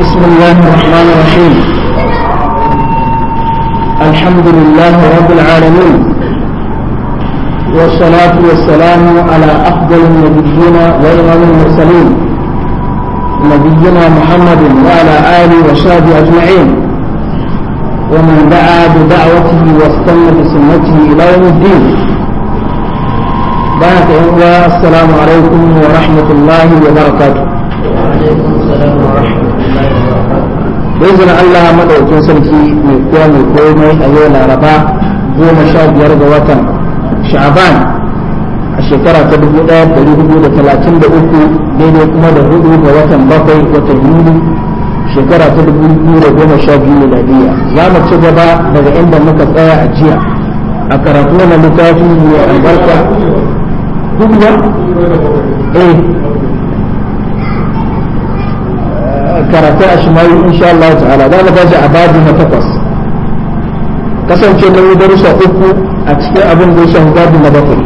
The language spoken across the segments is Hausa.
بسم الله الرحمن الرحيم الحمد لله رب العالمين والصلاة والسلام على أفضل النبيين وإمام المرسلين نبينا محمد وعلى آله وصحبه أجمعين ومن دعا بدعوته واستنى بسنته إلى يوم الدين بعد السلام عليكم ورحمة الله وبركاته وعليكم السلام ورحمة da izinin Allah madaukin sarki mai kowa mai komai a yau laraba goma sha biyar ga watan sha'aban a shekara ta dubu ɗaya da hudu da talatin da uku daidai kuma da hudu ga watan bakwai watan yuli shekara ta dubu biyu da goma sha biyu miladiya za mu ci gaba daga inda muka tsaya a jiya a karatu na littafi mai albarka duk eh karatu a shimayi insha Allah ta'ala za mu gaji a babu na takwas kasance mun yi darussa uku a cikin abin da ya shafi babu na bakwai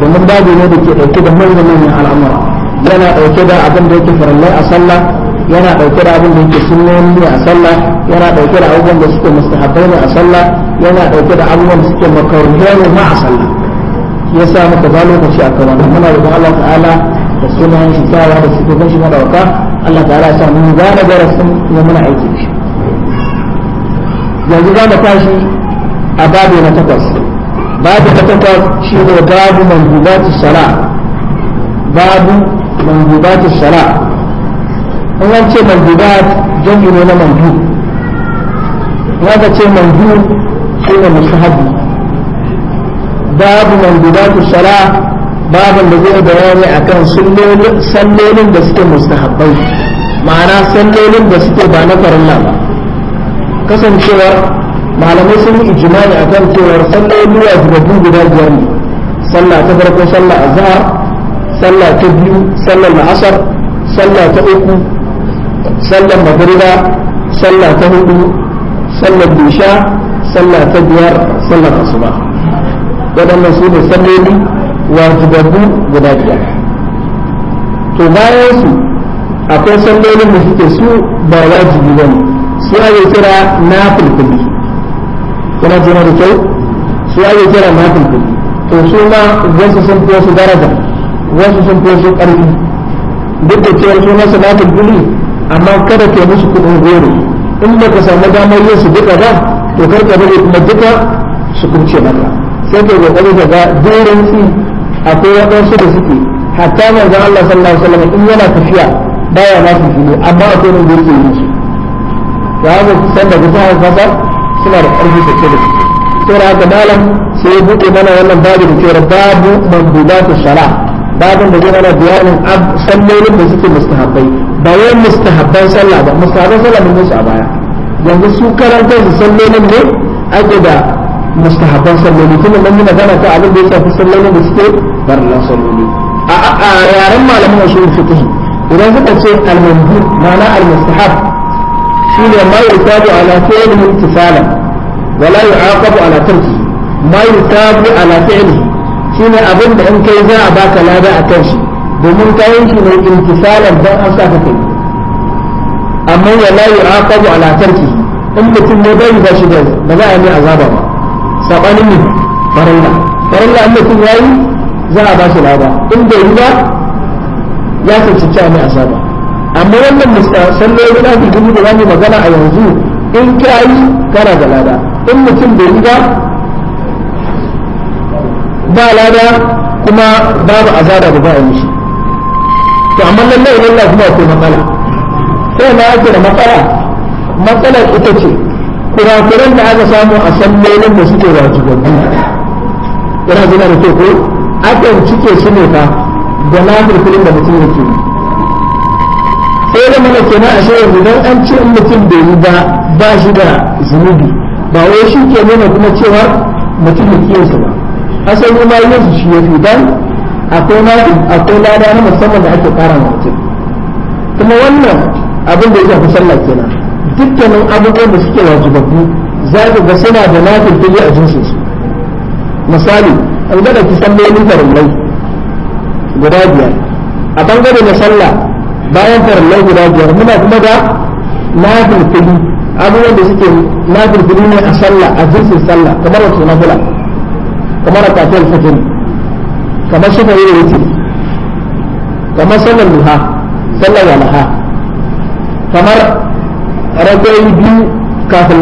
domin babu ne da ke ɗauke da manyan manyan al'amura yana ɗauke da abin da yake farallai a sallah yana ɗauke da abin da yake sunnoni ne a sallah yana ɗauke da abubuwan da suke mustahabbai ne a sallah yana ɗauke da abubuwan da suke makaruhai ne ma a sallah ya sa muka ba lokaci a kan wannan muna da Allah ta'ala da sunan shi tsawa da suke gan shi madawaka Allah ta'ala sa mun gane darasin ya muna aiki da shi yanzu za mu tashi a babu na takwas babu na takwas shi ne babu manzubatu sala babu manzubatu sala in an ce manzubat jami'i ne na manzu in aka ce manzu shi ne mustahabi babu manzubatu sala babin da zai bayani akan sallolin da suke mustahabbai ma'ana sallolin da suke ba na farilla ba kasancewar malamai sun yi ijimani akan cewar sallolin wajibabu guda biyar ne sallah ta farko sallah azhar sallah ta biyu sallar la'asar sallah ta uku sallar magriba sallah ta hudu sallar isha sallah ta biyar sallar asuba waɗannan su ne salloli wajibabu guda biyar to bayan su akwai sallolin da suke su ba wajibi ba ne su ake kira na fulfuli jina da kyau su ake kira na fulfuli to su ma wasu sun fi wasu daraja wasu sun fi wasu ƙarfi duk da cewa su na fulfuli amma kada ke musu kuɗin goro in ba ka samu damar yin su duka ba to karka bari kuma duka su kurce maka sai ka yi akwai waɗansu da suke hatta zan Allah sallallahu alaihi wasallam in yana tafiya baya ma su filo amma akwai wanda yake yi su to haka san da kusa fasa suna da ƙarfi sosai da suke sai da haka malam sai ya buɗe mana wannan babu da cewa babu mandubatu shara. babin da zai mana bayanin sallolin da suke mustahabbai ba wai mustahabban sallah ba mustahabban sallah mun musu a baya yanzu su karanta su sallolin ne ake da mustahabban salloli tunda mun yi magana ta abin da ya shafi sallolin da suke barnan saloli a yaren malamin wasu fiqh idan suka ce al-mandu ma'ana al-mustahab shine ma yusabu ala fi'lihi imtisala wa la yu'aqabu ala tarkihi ma yusabu ala fi'lihi shine abin da in kai za a baka lada a kan shi domin kayan shi ne imtisalan dan an saka kai amma wa la yu'aqabu ala tarkihi in mutum ne bai ba shi da ba za a yi azaba ba sabanin ne farilla farilla in mutum yayi za a ba shi lada in bai yi ba ya cancanci a mai asaba amma wannan sallolin na fi dubu da wani magana a yanzu in ka yi kana da lada in mutum bai yi ba ba lada kuma babu azaba da ba a mishi to amma lallai lallai kuma akwai matsala sai na ake da matsala matsalar ita ce kurakuran da aka samu a sallolin da suke wajibabbi yana zina da teku. akan cike shi ne fa da lamar filin da mutum yake yi sai da mana kenan a shirin idan an ce mutum bai yi ba ba shi da zunubi ba wai shi ke nuna kuma cewa mutum ya kiyansa ba asali ma yin su shi ya fi dan akwai lada na musamman da ake kara mutum kuma wannan abin da ya shafi sallah kenan dukkanin abubuwan da suke wajibabbu za ga suna da lafiyar a jinsinsu misali an gada ki sallolin farillai guda biyar a bangare na sallah bayan farillai guda biyar muna kuma da nafil fili abubuwan da suke nafil fili ne a sallah a jinsin sallah kamar na nafila kamar a kafin fitin kamar shi yi wuce kamar sallar duha sallar walaha kamar ragayi biyu kafin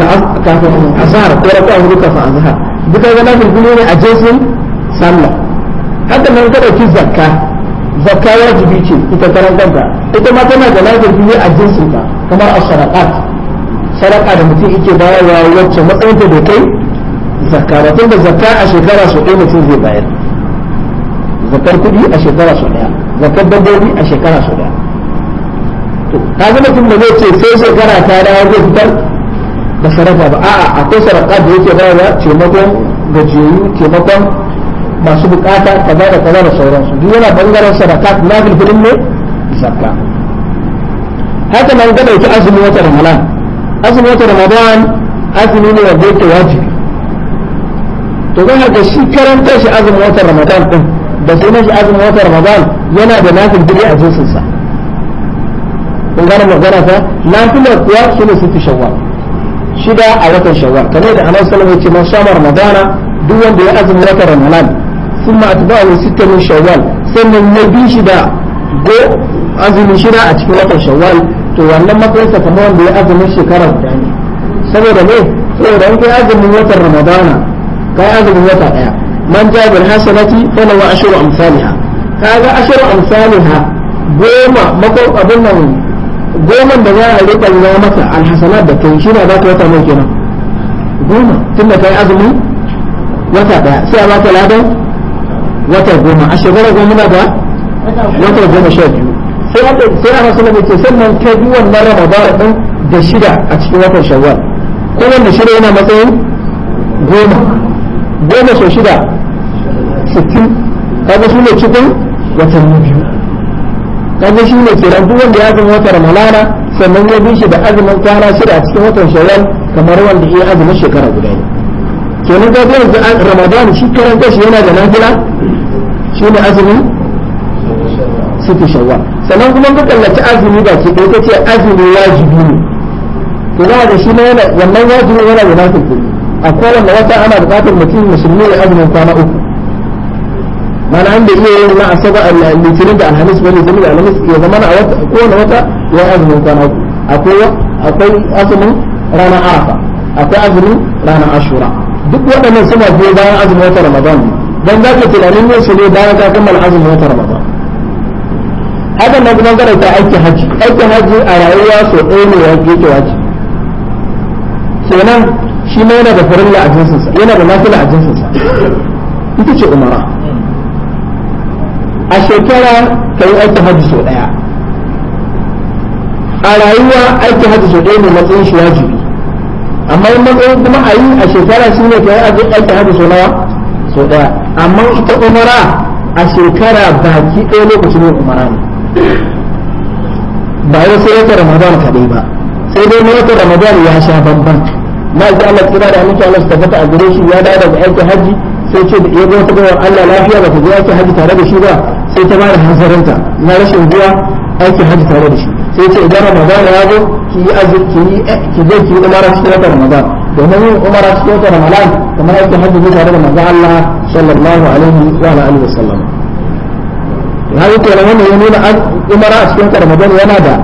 asahar ko ragayi biyu kafin azhar duka ga nafil fili ne a jinsin sallah haka nan ka dauki zakka zakka wajibi ce ita karan da ita ma tana da lafiya biyu a jinsin ta kamar a sadaqat sadaqa da mutum yake bayarwa wacce matsayin ta da kai zakka ba tunda zakka a shekara sau ɗaya mutum zai bayar zakkar kuɗi a shekara su ɗaya zakkar dabbobi a shekara su ɗaya to ka ga mutum da zai ce sai shekara ta dawo zai fitar da sadaka ba a'a akwai sadaka da yake bayarwa taimakon gajiyayyu taimakon masu bukata kaza da kaza da sauransu duk yana bangaren sadaka na bilbilin ne zakka haka nan ga dauki azumi wata ramadan azumi wata ramadan azumi ne wanda yake wajibi to don haka shi karanta shi azumi wata ramadan din da sai shi azumi wata ramadan yana da nafil dili a jinsin sa kun gane magana ta nafilar kuwa su ne shawwal shida a watan shawwal kamar da annabi sallallahu alaihi wasallam ya ce man shama ramadana duk wanda ya azumi watan ramadan sun ma atba'ahu sitta min shawwal sannan na bi shi da go azumin a cikin watan shawwal to wannan matsayinsa kamar wanda ya azumin shekara guda ne saboda ne saboda in kai azumin watan ramadana kai azumin wata daya man ja bil hasanati falahu ashru amsalha kaga ashru amsalha goma makon abin nan goma da za a rika ya maka alhasanat da kai shine za ka wata goma tunda azumin wata sai wata goma a shekara goma na ba wata goma sha biyu sai aka sai ana sallama ce sannan ka bi wannan ramadan din da shida a cikin watan shawwal ko wanda shida yana matsayin goma goma sau shida sittin kaga su ne cikin watanni biyu kaga shi ne kenan duk wanda ya zama wata ramalana sannan ya bi shi da azumin kwana shida a cikin watan shawwal kamar wanda ya azumin shekara guda ne kenan ga yanzu ramadan shi karan kashi yana da nafila shi ne azumi sita shawwal sannan kuma ka kallaci azumi ba ce kai ce azumi wajibi ne to za da shi ne yana wannan wajibi yana da nafi kuɗi a kowanne wata ana buƙatar mutum musulmi ya azumin kwana uku mana an da iya yin na asaba litinin da alhamis ba litinin da alhamis ya zama na kowanne wata ya azumin kwana uku akwai azumin ranar arafa akwai azumin rana ashura duk waɗannan suna biyo bayan azumin wata ramadan ne dan za ka tunanin yin su ne bayan ka kammala azumin wata ramadan haka na kuma gara ta aiki haji aiki haji a rayuwa so ɗaya ne ya yake waji kenan shi ma yana da farilla a jinsinsa yana da nafila a jinsinsa ita ce umara a shekara ka yi aiki haji so ɗaya a rayuwa aiki haji so ɗaya ne matsayin shi wajibi amma in matsayin kuma a yi a shekara shi ne ka yi aiki haji so nawa so ɗaya amma ita umara a shekara baki ɗaya lokacin yin umara ne ba yau sai wata ramadan kaɗai ba sai dai na wata ramadan ya sha bamban na ji Allah tsira da aminci Allah su tabbata a gare shi ya dawo daga aikin hajji sai ce da iya wata gawar Allah lafiya ba ta je aikin hajji tare da shi ba sai ta bada hanzarinta na rashin zuwa aikin hajji tare da shi sai ce idan ramadan ya zo ki yi azumi ki je ki yi umara cikin wata ramadan domin yin umara cikin wata ramadan kamar yake hajji ne tare da manzo Allah sallallahu alaihi wa alihi wa sallam to haka kenan wannan ya nuna an umara a cikin ramadan yana da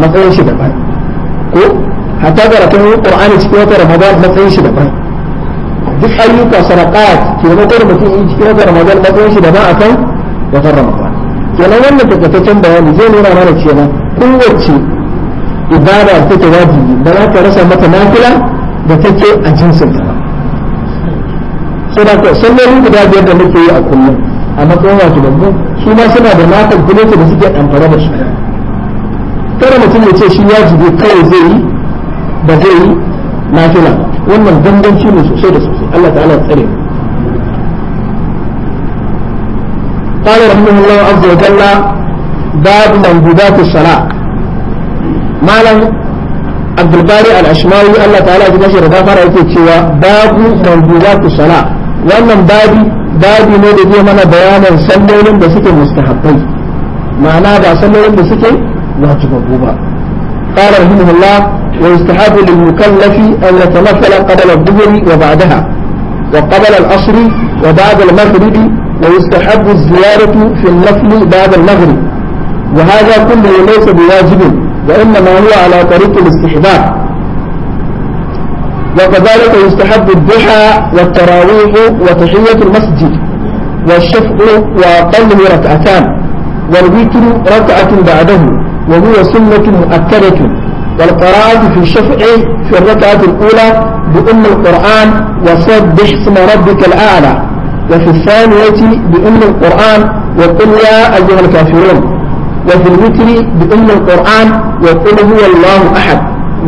matsayin shi daban ko hatta karatun qur'ani cikin wata ramadan matsayin shi daban duk ayyuka sadaqat ke mutar mutum yi cikin wata ramadan matsayin shi daban akan wata ramadan kenan wannan takaitaccen bayani zai nuna mana cewa kowace ibada take wajibi ba za ka rasa mata nafila da take a jinsin ta saboda sallolin guda biyar da muke yi a kullum a matsayin wato babban su ma suna da matan kulota da suke amfana da su kada mutum ya ce shi wajibi kawai zai yi ba zai yi na nafila wannan ganganci ne sosai da sosai Allah ta'ala ya tsare mu قال رحمه الله عز وجل باب منبوذات الصلاة ما لم عبد الباري الأشماوي الله تعالى في نشر غفر أو باب موجودات الصلاة وأن باب باب نور دي من بيان سلم بسكي مستحقين معناه دا سلم بسكي واجب الغباء قال رحمه الله ويستحب للمكلف أن يتمثل قبل الظهر وبعدها وقبل العصر وبعد المغرب ويستحب الزيارة في النفل بعد المغرب وهذا كله ليس بواجب وإنما هو على طريق الاستحباب وكذلك يستحب الضحى والتراويح وتحية المسجد والشفع وأقله ركعتان والوتر ركعة بعده وهو سنة مؤكدة والقراءة في الشفع في الركعة الأولى بأم القرآن وسبح اسم ربك الأعلى وفي الثانية بأم القرآن وقل يا أيها الكافرون وفي الوتر بأن القرآن يقول هو الله أحد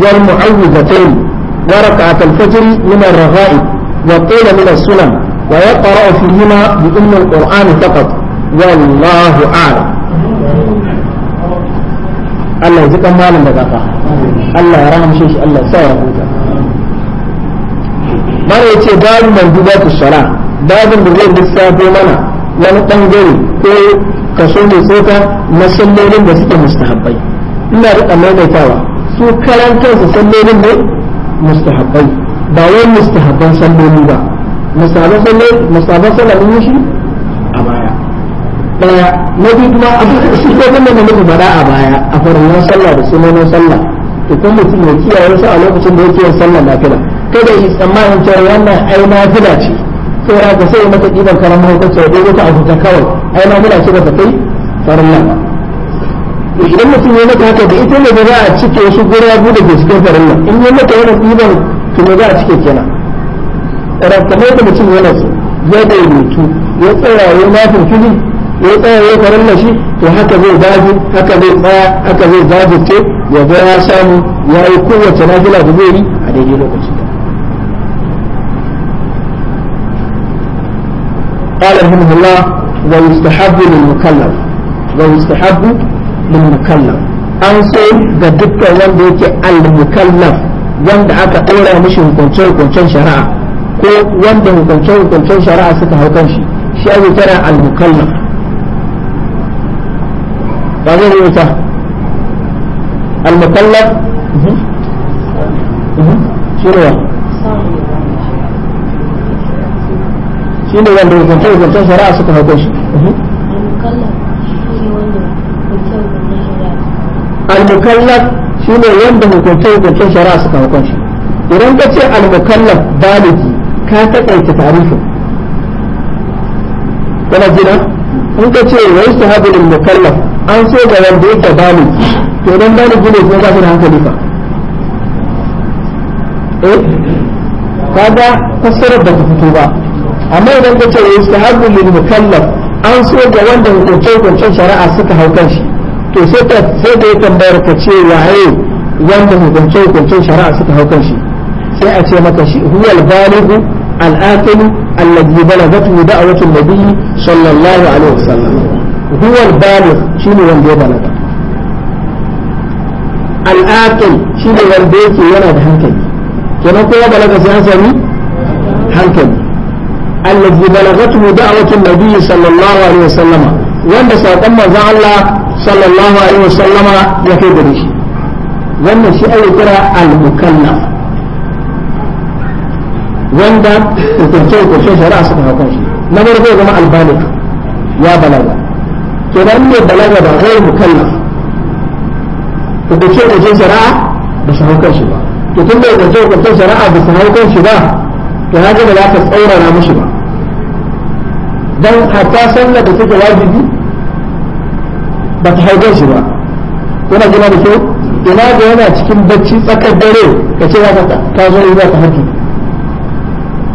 والمعوذتين وركعة الفجر من الرغائب وطول من السلم ويقرأ فيهما بأن القرآن فقط والله أعلم الله يجزيك ما لم تقع الله رحم شيخ الله سوى ما يأتي باب من الصلاة باب من غير السابق منا ونطنجري ko kaso mai tsoka na sallolin da suke mustahabbai ina da maimaitawa su karan kansu sallolin ne mustahabbai ba wai mustahabban salloli ba mustahabban salloli mustahabban salloli shi a baya daya na biyu kuma su ko kuma da muka bada a baya a farin sallah da sunanin sallah to kuma mutum ya kiyaye su a lokacin da yake yin sallah nafila kada yi tsammanin cewa wannan ai nafila ce saboda ka sai mata ɗiban karan mahaifarsa ya ɗaya ta abuta kawai ai na muna ce ba ta kai farin nan idan mutum ya mata haka da ita ne da za a cike wasu gurabu da ke cikin nan in ya mata yana ɗiban to me za a cike kenan kamar da mutum yana ya daidaitu ya tsaya ya mafin fili ya tsaya ya nan shi to haka zai daji haka zai tsaya haka zai ce ya ga ya samu ya yi kowace nafila da zai yi a daidai lokaci قال رحمه الله ويستحب للمكلف ويستحب للمكلف an so ga dukka wanda yake al-mukallaf wanda aka ɗora mishi hukunce-hukuncen shari'a ko wanda hukunce-hukuncen shari'a suka hau kan shi shi ake kira al ba zai al shi ne wanda hukunce hukuncen shari'a suka hauko shi al-mukallaf shi ne wanda hukunce hukuncen shari'a suka hauko shi idan ka ce al-mukallaf baligi ka takaita tarihi. kana jira in ka ce wai sahabu al-mukallaf an so ga wanda yake baligi to idan baligi ne ko ba shi da hankali fa eh kaga fassarar ba ta fito ba amma idan ka ce yustahabbu lil mukallaf an so ga wanda hukunce-hukuncen shari'a suka hau kan shi to sai ka sai da tambayar ka ce waye wanda hukunce-hukuncen shari'a suka hau kan shi sai a ce maka shi huwal balighu al-aqil alladhi balagatu da'watu an-nabi sallallahu alaihi wasallam huwal baligh shine wanda ya balaga al-aqil shine wanda yake yana da hankali kenan ko ya balaga sai an sami hankali allazi balagatu da'watu nabi sallallahu alaihi wasallam wanda sakon manzon Allah sallallahu alaihi wasallam ya kai shi wannan shi ake kira al wanda hukunce shari'a suka hukun shi na farko zama albalik ya balaga kenan ne balaga ba gairu mukallaf shari'a ba su hukun shi ba to tun da hukunce shari'a su shi ba to za tsaurara mushi ba don hatta sallar da take wajibi ba ta haifar shi ba yana gina da kyau ina da yana cikin bacci tsakar dare ka ce za ta zo yi za ka haƙi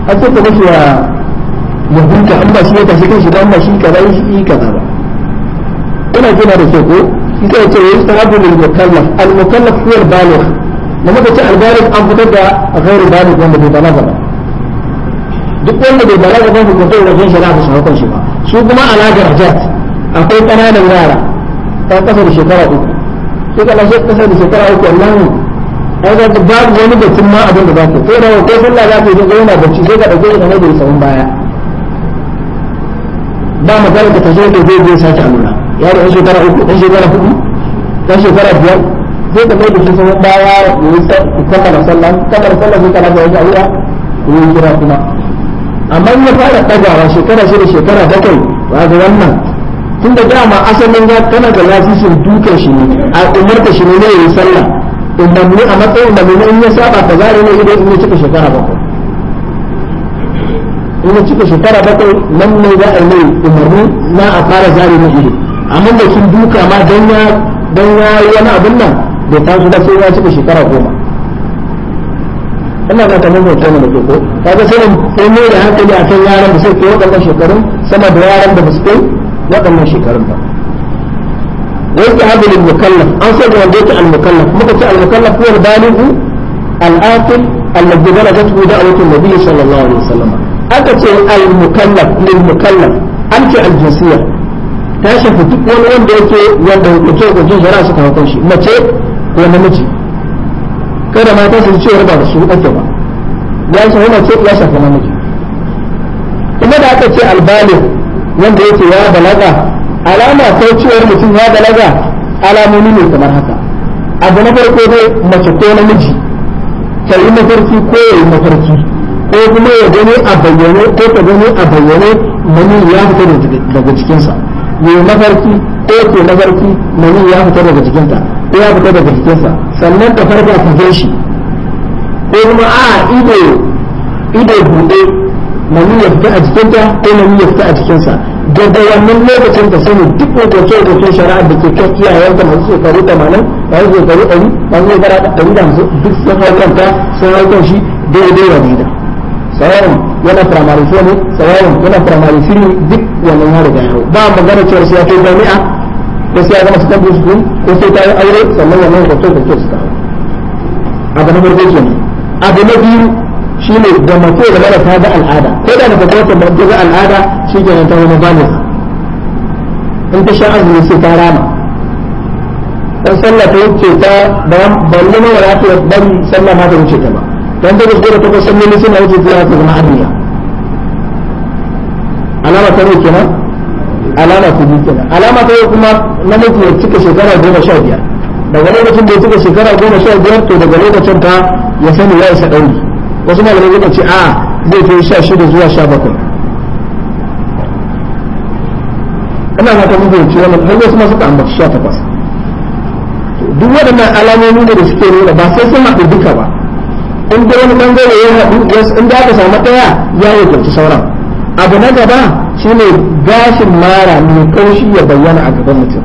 a ce ta mafi ya yahunka an ba shi ya tashi kan shi ba shi kaza yi kaza ba ina gina da kyau ko ita ya ce yayi sahabu lil mukallaf al mukallaf huwa balik baligh da muka ce albalik an fitar da a ghairu balik wanda bai balaga ba duk wanda bai balaga ba hukunta da jin shi ba su hukun shi ba su kuma ala darajat akwai ƙananan yara ta kasa da shekara uku sai ka lashe kasa da shekara uku wannan ai da babu wani da tun ma abin da zaka sai da ko sallah zaka yi ga yana bacci sai ka dauke shi kamar da sabon baya ba magana ka ta zo da zai zai sace alura ya da shekara uku dan shekara hudu dan shekara biyar sai ka mai da shi sabon baya ne sai ka kama sallah kama sallah sai ka lafiya shi a wuya ya yi kira kuma amma ya fara ɗagawa shekara shida shekara bakwai ba ga wannan tun da dama asalin ya tana da lasisin dukan shi ne a umarta shi ne yayin sallah umarni a matsayin da ne in ya saba ka zare ne idan in ya cika shekara bakwai in ya cika shekara bakwai nan ne za a yi umarni na a fara zare ne ido amma da kin duka ma dan ya dan ya wani abin nan ta su da sai ya cika shekara goma Allah na kamar bauta mu da ke ko kaga sai sai mai da hankali akan yaran da sai ke waɗannan shekarun sama da yaran da ba su kai waɗannan shekarun ba wanda habu lil mukallaf an sai da wanda yake al mukallaf muka ce al mukallaf huwa al balighu al aqil alladhi balagatu da'watu nabiy sallallahu alaihi wasallam aka ce al mukallaf lil mukallaf an ce al jinsiyya ta shafi duk wani wanda yake wanda ko hukuncin shari'a suka hukunci mace ko namiji kada mata su yarda da su ake ba ya shafi ce ya shafi namiji kuma da aka ce albalo wanda yake ya balaga alama ta cewar mutum ya balaga alamomi ne kamar haka abu na farko dai mace ko namiji ta yi mafarki ko ya yi mafarki ko kuma ya gani a bayyane ko ta gani a bayyane mani ya fita daga jikinsa ya yi mafarki ko ke mafarki mani ya fita daga jikinta ko ya fita daga jikinsa sannan ka farka ka gan shi ko kuma a ido ido buɗe mani ya fita a jikinta ko mani ya fita a jikinsa daga wannan lokacin da sani duk wata hukuncen shari'ar da ke kan iyayen da masu shekaru tamanin masu shekaru ɗari masu shekaru ɗari da hamsin duk sun hau kanta sun hau kan shi daidai wa daida sawawan yana firamare ne sawawan yana firamare ne duk wannan ya riga ya ba magana cewar sai ya kai jami'a ko sai ya gama secondary school ko sai ta yi aure sannan wannan kwanciyar kwanciyar su kawo abu na farko ke abu na biyu shi ne da mace da mara ta ga al'ada ko da mace ta wata mace ga al'ada shi ke nan ta wani bani in ta sha azumi sai ta rama dan sallah ta wuce ta balle na wala ta ban sallah ma ta wuce ta ba dan da gura ta ko salloli suna wuce ta zama adiya alama ta ne kenan alama ta biyu kenan alama ta yi kuma namiji ya cika shekara goma sha biyar daga lokacin da ya cika shekara goma sha biyar to daga lokacin ta ya sani ya isa ɗauri wasu malamai suka ce a zai fi sha shida zuwa sha bakwai ina na ta muku ce wannan har wasu masu ambaci sha takwas duk waɗannan alamomi ne da suke nuna ba sai sun haɗu duka ba in da wani bangare ya haɗu in da aka samu ɗaya ya yi sauran abu na gaba ne. gashin mara mai kaushi ya bayyana a gaban mutum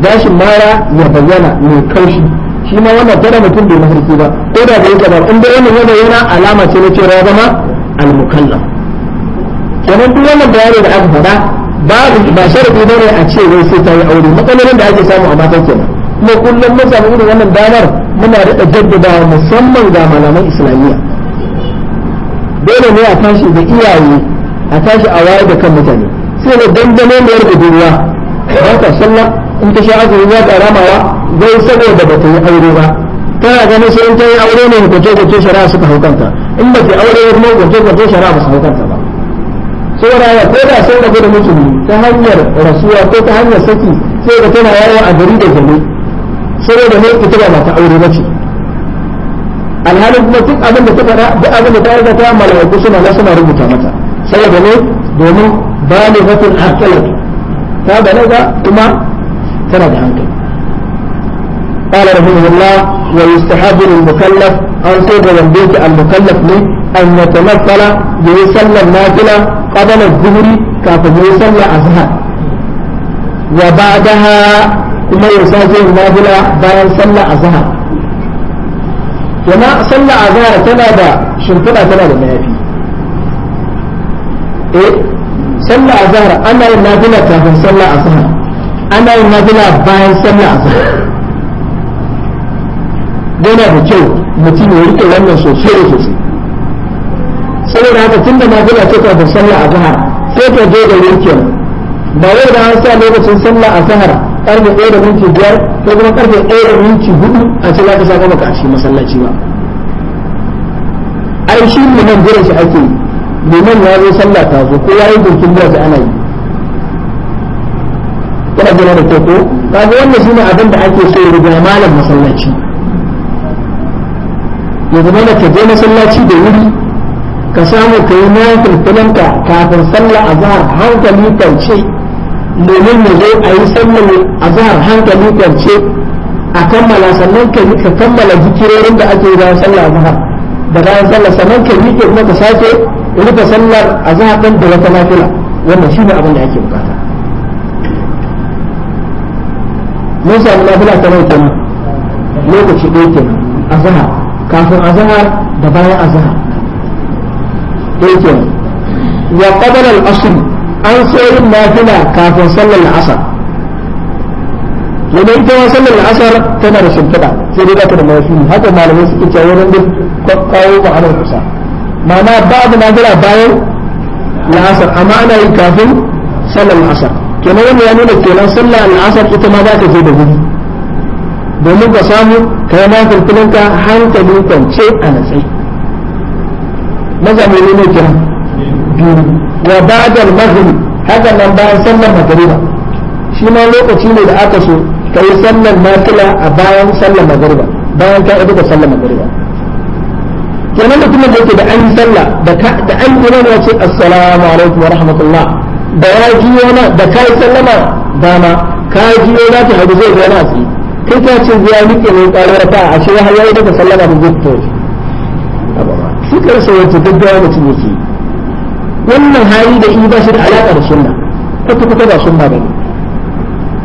gashin mara ya bayyana mai kaushi shi ma wannan tana mutum bai mafarki ba ko da bai gaba in da wannan ya bayyana alama ce na cewa ya zama al kenan duk wannan bayani da aka faɗa babu ba sharadi ba ne a ce wai sai ta yi aure matsalolin da ake samu a mata kenan kuma kullum mun samu irin wannan damar muna daɗa jaddadawa musamman ga malaman islamiyya dole ne a tashi da iyaye a tashi a wayar da kan mutane sai da dangane mai budurwa ba ta sallah in ta sha azumi za ta ramawa zai saboda ba ta yi aure ba tana ganin sai in ta yi aure ne hukunce hukunce shari'a suka hukanta in ba ta aure ne kuma hukunce hukunce shari'a ba su hukanta ba saboda ya ko da sai da gudu musulmi ta hanyar rasuwa ko ta hanyar saki sai da tana yawo a gari da gari saboda ne ita ba ta aure ba ce alhalin kuma duk abin da ta faɗa duk abin da ta aikata mala'iku suna na suna rubuta mata saboda ne domin balighatun aqlatu ta balaga kuma tana da hankali قال رحمه الله ويستحب للمكلف أن صيغ البيت المكلف له أن يتمثل يصلى النافلة قبل الظهر كافة يصلى أزهر وبعدها كما يصلي النافلة بعد صلى أزهر وما صلى أزهر تنادى شنطنا تنادى ما إيه sallah azhar ana yin nafila kafin sallah azhar ana yin nafila bayan sallah zahar. yana da kyau mutum ya rike wannan sosai da sosai saboda haka tun da nafila ce kafin sallah zahar sai ka je da yankin ba wai da an sa lokacin sallah zahar karfe 1 da minti 5 ko kuma karfe 1 da minti 4 a ce za ka saka maka shi masallaci ba ai shi ne nan gurin shi ake yi domin ya zo sallah ta zo kowa ya gurkin da ana yi kana gina da ke ko kaga wannan shine abin da ake so riga malam masallaci ya zama da ka je masallaci da wuri ka samu ka yi mayan kafin sallah a zahar hankali kwance domin ya zo a yi sallar a zahar hankali kwance a kammala sannan ka ka kammala zikirorin da ake yi bayan sallah a zahar da bayan sallah sannan ka miƙe kuma ka sake in rufe sallar a zaɓen da wata lafiya wannan shi ne abin da ake bukata mun samu lafiya ta mai kenan lokaci ɗaya kenan a zaha kafin a zaha da bayan a zaha ɗaya kenan wa qabala al-asr an sai lafiya kafin sallar asar wanda ita ma sallar asar tana da shimfiɗa sai dai ta da mawafi haka malamai suke cewa wurin duk kawo ma'anar kusa ma'ana babu nafila bayan la'asar amma ana yi kafin sallar la'asar kenan wanda ya nuna kenan sallar la'asar ita ma za ta je da wuri domin ka samu ka yi nafil filinka hankali kwance a natsai mazamuni ne kenan biyu wa ba'dal maghrib haka nan bayan sallar magriba shi ma lokaci ne da aka so ka yi sallar nafila a bayan sallar magriba bayan ka yi duka sallar magriba kenan mutumin da yake da an yi sallah da an yi ya wace assalamu alaikum wa rahmatullah da ya ji yana da kai sallama dama ka ji yana ta hadu zai ga nasi kai ka ce ya nike ne karar ta a shi har yayi daga sallama da zai fito shi karsa wata gaggawa mutum yake wannan hali da in ba shi da alaƙa da sunna kwata kwata ba sunna ba ne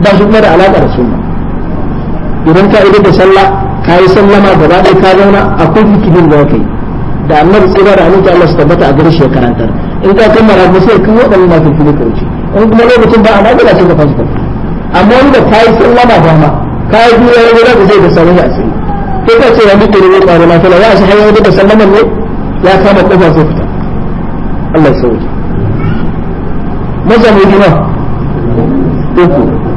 ba shi kuma da alaƙa da sunna idan ka yi da sallah ka yi sallama gaba ɗaya ka zauna akwai hikimin da kai da annabi tsira da hannun Allah su tabbata a ya karanta in ka kammala ko sai kan waɗannan mafi fili ka wuce in kuma lokacin ba a nagula sai ka fasfa amma wani da kayi sallama ba ma kayi biyu ya gudu da zai da sauran ya asiri ko ka ce wani kiri ne ƙwaro lafiya ya shi hanyar da sallama ne ya kama kofa sai fita Allah ya sauke mazamuni ma uku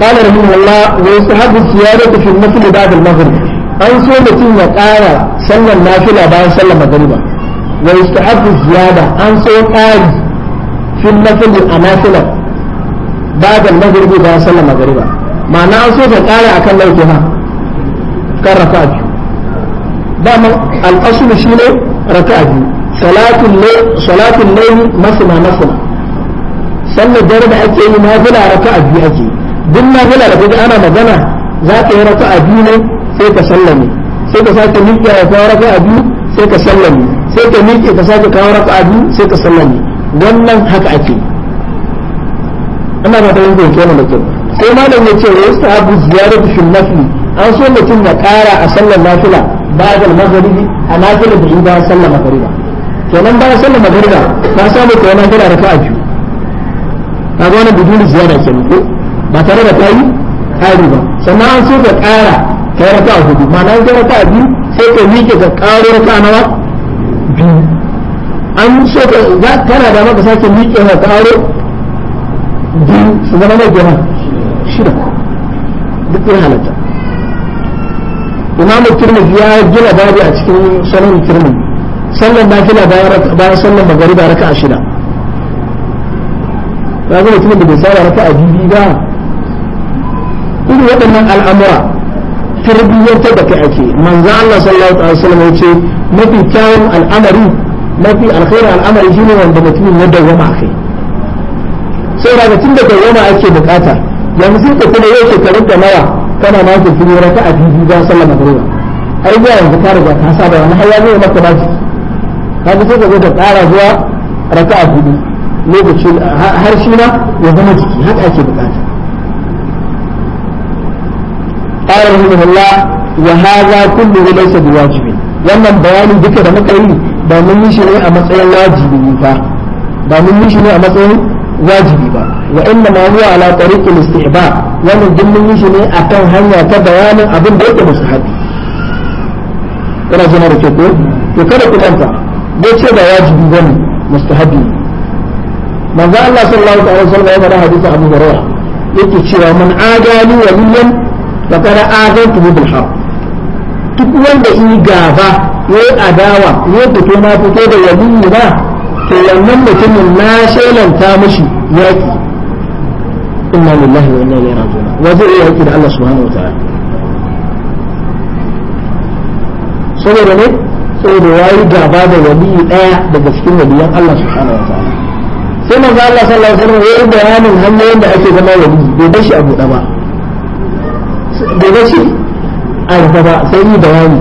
قال رحمه الله ويستحب الزيادة في المسجد بعد المغرب an so mutum ya ƙara sallar nafila bayan sallar magariba wa yustahabbu ziyada an so ƙari fil nafili a nafila bayan magaribi bayan sallar magariba ma'ana an so ka ƙara akan laifi ha kan raka'a biyu dama al'asulu shine raka'a biyu salatul layli masna masna sallar dare da ake yi nafila raka'a biyu ake duk nafila da kaga ana magana za ka yi raka'a biyu ne sai ka sallame sai ka sake miƙe ka kawo raka a biyu sai ka sallame sai ka miƙe ka sake kawo raka a biyu sai ka sallame wannan haka ake ana ba ta yanke kenan da kyau sai malam ya ce wa yasta abu da shi nafi an so mutum ya ƙara a sallar nafila a al-maghribi a nafila da in ba sallar magariba kenan a sallar ba a samu kawai nafila raka'a biyu ga wani biduni ziyara ke ba tare da ta yi ƙari ba sannan an so ka ƙara ta raka a hudu ma'ana ya raka a biyu sai ka miƙe ka ƙaro raka nawa biyu an so ka za kana da maka sake miƙe ka ƙaro biyu su zama mai gina shida duk ya halatta imam turmi ya gina babu a cikin sanan turmi sallan nafila bayan sallan magariba raka a shida ya ga mutumin da bai saba raka a biyu ba irin waɗannan al'amura tarbiyyantar da kai ake manzo Allah sallallahu alaihi wasallam ya ce mafi kyawun al'amari mafi alkhairin al'amari shine wanda mutumin ya dawwama akai sai daga tun da dawwama ake bukata yanzu ka kuma yau shekarun da nawa kana ma ta tuni raka a bibi ba sallah magriba ai ba yanzu ka riga ka saba wani har ya zo maka baki ka ga sai ka zo ka ƙara zuwa raka a bibi lokacin har shi na ya zama jiki haka ake bukata قال رحمه الله وهذا كله ليس بواجب wannan bayanin duka da muka yi ba mun yi shi ne a matsayin wajibi ba ba mun yi shi ne a matsayin wajibi ba wa inna ma huwa ala tariqil istihbab wannan din mun yi shi ne akan hanya ta bayanin abin da yake musahabi kana jina da ko to kada ku manta dai ce ba wajibi bane mustahabi manzo Allah sallallahu alaihi wasallam ya faɗa hadisin Abu Hurairah yake cewa man adani waliyan فقال آذنته بالحرب تقول ده إيه جابا وعداوة وبتونا فتوضى يمين ما فلما نتم ما شيلا تامشي يأتي إنا لله وإنا إليه راجعون وزر يأتي الله سبحانه وتعالى صدر لي صدر واي جابا ده يمين ايه ده بسكين وبيان الله سبحانه وتعالى ثم قال الله صلى الله عليه وسلم ويبعان الهنين ده أكي زمان يمين بيبشي أبو دمار gobe ce a gaba sai yi bayani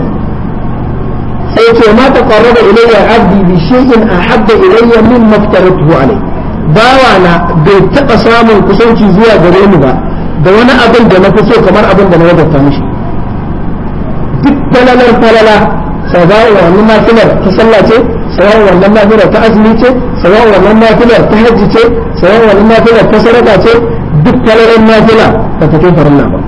sai ce ma ta qarraba ilayya abdi bi a ahabba ilayya min aftaratuhu alayhi bawa na bai taba samun kusanci zuwa gare ni ba da wani abin da na fi so kamar abin da na wadata mishi duk falalar falala sawa'u wannan nafilar ta sallah ce sawa'u wannan nafilar ta azumi ce sawa'u wannan nafilar ta hajji ce sawa'u wannan nafilar ta sadaka ce duk falalar nafila ba ta kai farin ba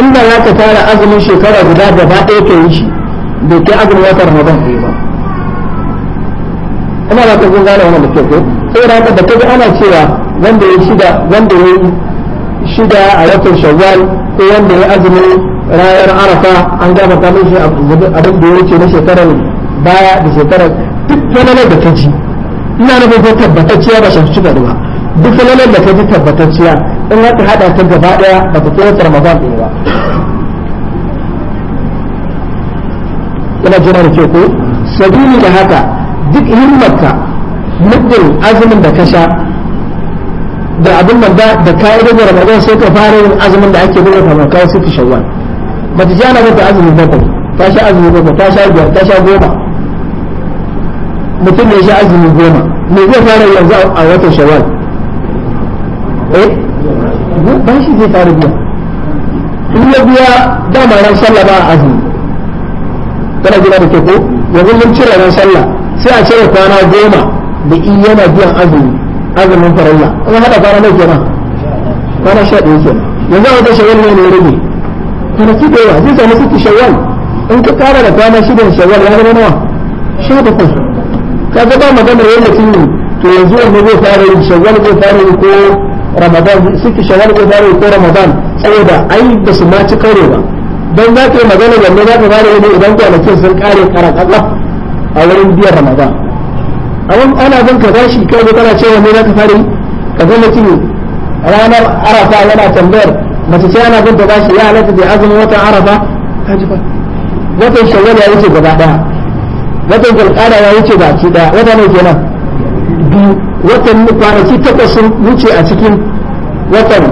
inda za ka tara azumin shekara guda gaba ɗaya ka yi shi bai kai azumin watan ramadan ka yi ba kuma za ka zan gane wannan da kyau ko saboda haka da kaga ana cewa wanda ya shida wanda ya shida a watan shawwal ko wanda ya azumin rayar arafa an gama ta mishi abin da ya wuce na shekarar baya da shekarar duk wani da ka ji ina nufin ko tabbatacciya ba shan shiga ba duk wani da ka ji tabbatacciya in aka haɗa ta gaba daya ba ta kira ta ramadan ɗin ba ina jira da ke ko sabini da haka duk himmarka muddin azumin da ka sha da abin nan da da ka'idar da ramadan sai ka fara yin azumin da ake nuna kamar kawo su shawwal ba ta jana mata azumi bakwai ta sha azumin bakwai ta sha biyar ta sha goma mutum ne sha azumin goma me zai fara yanzu a watan shawwal eh ba shi zai fara biya in ya biya dama ran sallah ba a azumi kana gina da ko yanzu mun cire ran sallah sai a cire kwana goma da in yana biyan azumi azumin farilla an hada kwana nawa kenan kwana sha ɗaya kenan yanzu a wata wani ne ne kana kwanaki wa yawa zai samu suke shawar in ka kara da kwana shidan shawar ya zama nawa sha bakwai ka ga ba maganar yallacin ne to yanzu wanda zai fara yin shawar zai fara yin ko ramadan suke shawar ko fara ko ramadan saboda ai ba su ma ci ba don za ka yi magana wanne za ka fara yi idan kwanakin sun kare karakalla a wurin biyan ramadan a wani ana bin ka gashi kai da kana cewa ne za ka fara yi ka ga mutum ranar arafa yana tambayar mace ce ana bin ta gashi ya halatta da azumin watan arafa ka ji ba watan shawar ya wuce gaba daya watan kalkada ya wuce baki daya wata ne kenan biyu watan kwanaki takwas sun wuce a cikin watan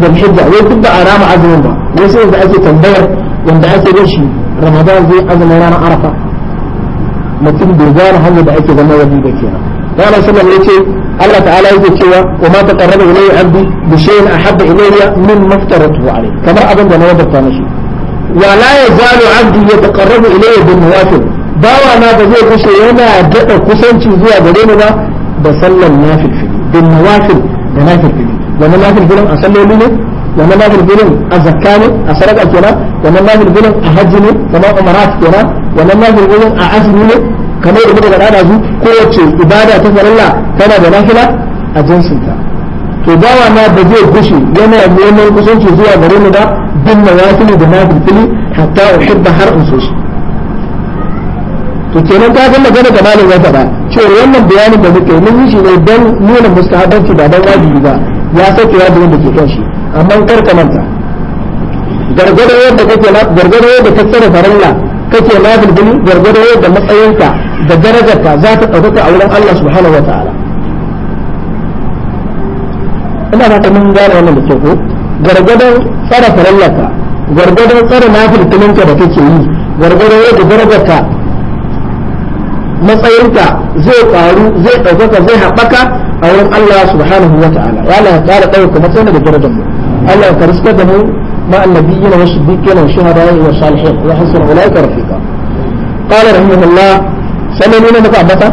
da zulhijja wai duk da a rama azumin ba wai sai da ake tambayar wanda ake da shi ramadan zai azumin ranar arafa mutum bai gane hanyar da ake zama wani da kenan Allah ya ya ce ta'ala wa ta قال صلى الله عليه وسلم الله تعالى ilayya min maftaratu إلي kamar abin da na wada ta mishi wa la أنا وجدت مشي ولا يزال عبدي يتقرب إلي بالنوافل باوى kashe yana كشي kusanci zuwa gare ni ba da sallar nafilfili bin nawafil da nafilfili wannan nafilfilin a salloli ne wannan nafilfilin a zakka ne a sadaka kenan wannan nafilfilin a hajji ne kamar umarat kenan wannan nafilfilin a azumi ne kamar da muka da su kowace ibada ta farilla tana da nafila a jinsinta to bawa na ba zai gushe yana neman kusanci zuwa gare ni ba bin nawafili da nafilfili hatta uhibba har in so shi to kenan ka san magana da malam ya ba cewa wannan bayanin da muke mun yi shi ne don nuna mustahabanci ba dan wajibi ba ya sauke wajibin da ke kan shi amma kar ka manta gargadar yadda kake gargado yadda ka tsara farilla kake nafil bini gargado yadda matsayinka da darajarka za ta ɗaukaka a wurin Allah subhanahu wa ta'ala ina ba ta mun gane wannan da ke ko gargadar tsara farillaka gargadar tsara nafil da kake yi gargadar yadda darajarka matsayinka zai ƙaru zai ɗaukaka zai haɓaka a wurin Allah subhanahu wa ta'ala ya Allah ya ƙara ɗaukaka matsayin da da mu Allah ya karɓi da mu ma annabiyina wa siddiqina wa shuhada'i wa salihin wa hasuna ulaika rafiqa qala rahimahullah sanan ne muka ambata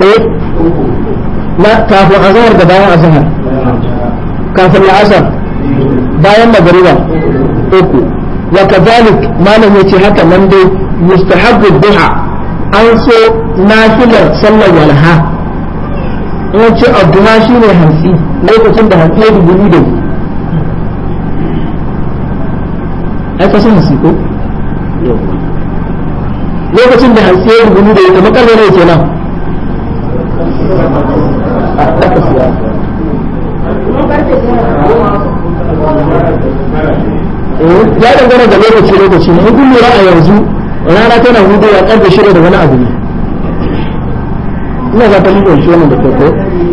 eh na kafin azhar da bayan azhar kafin la'asar bayan magariba uku wa kadhalik malam ce haka nan dai مستحب duha an so nafilar sallar walha in ya dubu lokacin da da ya dangana da lokaci lokaci mun gudu a yanzu rana tana hudowa karfe shida da wani abu ne ina za ta muku yanki wannan da farko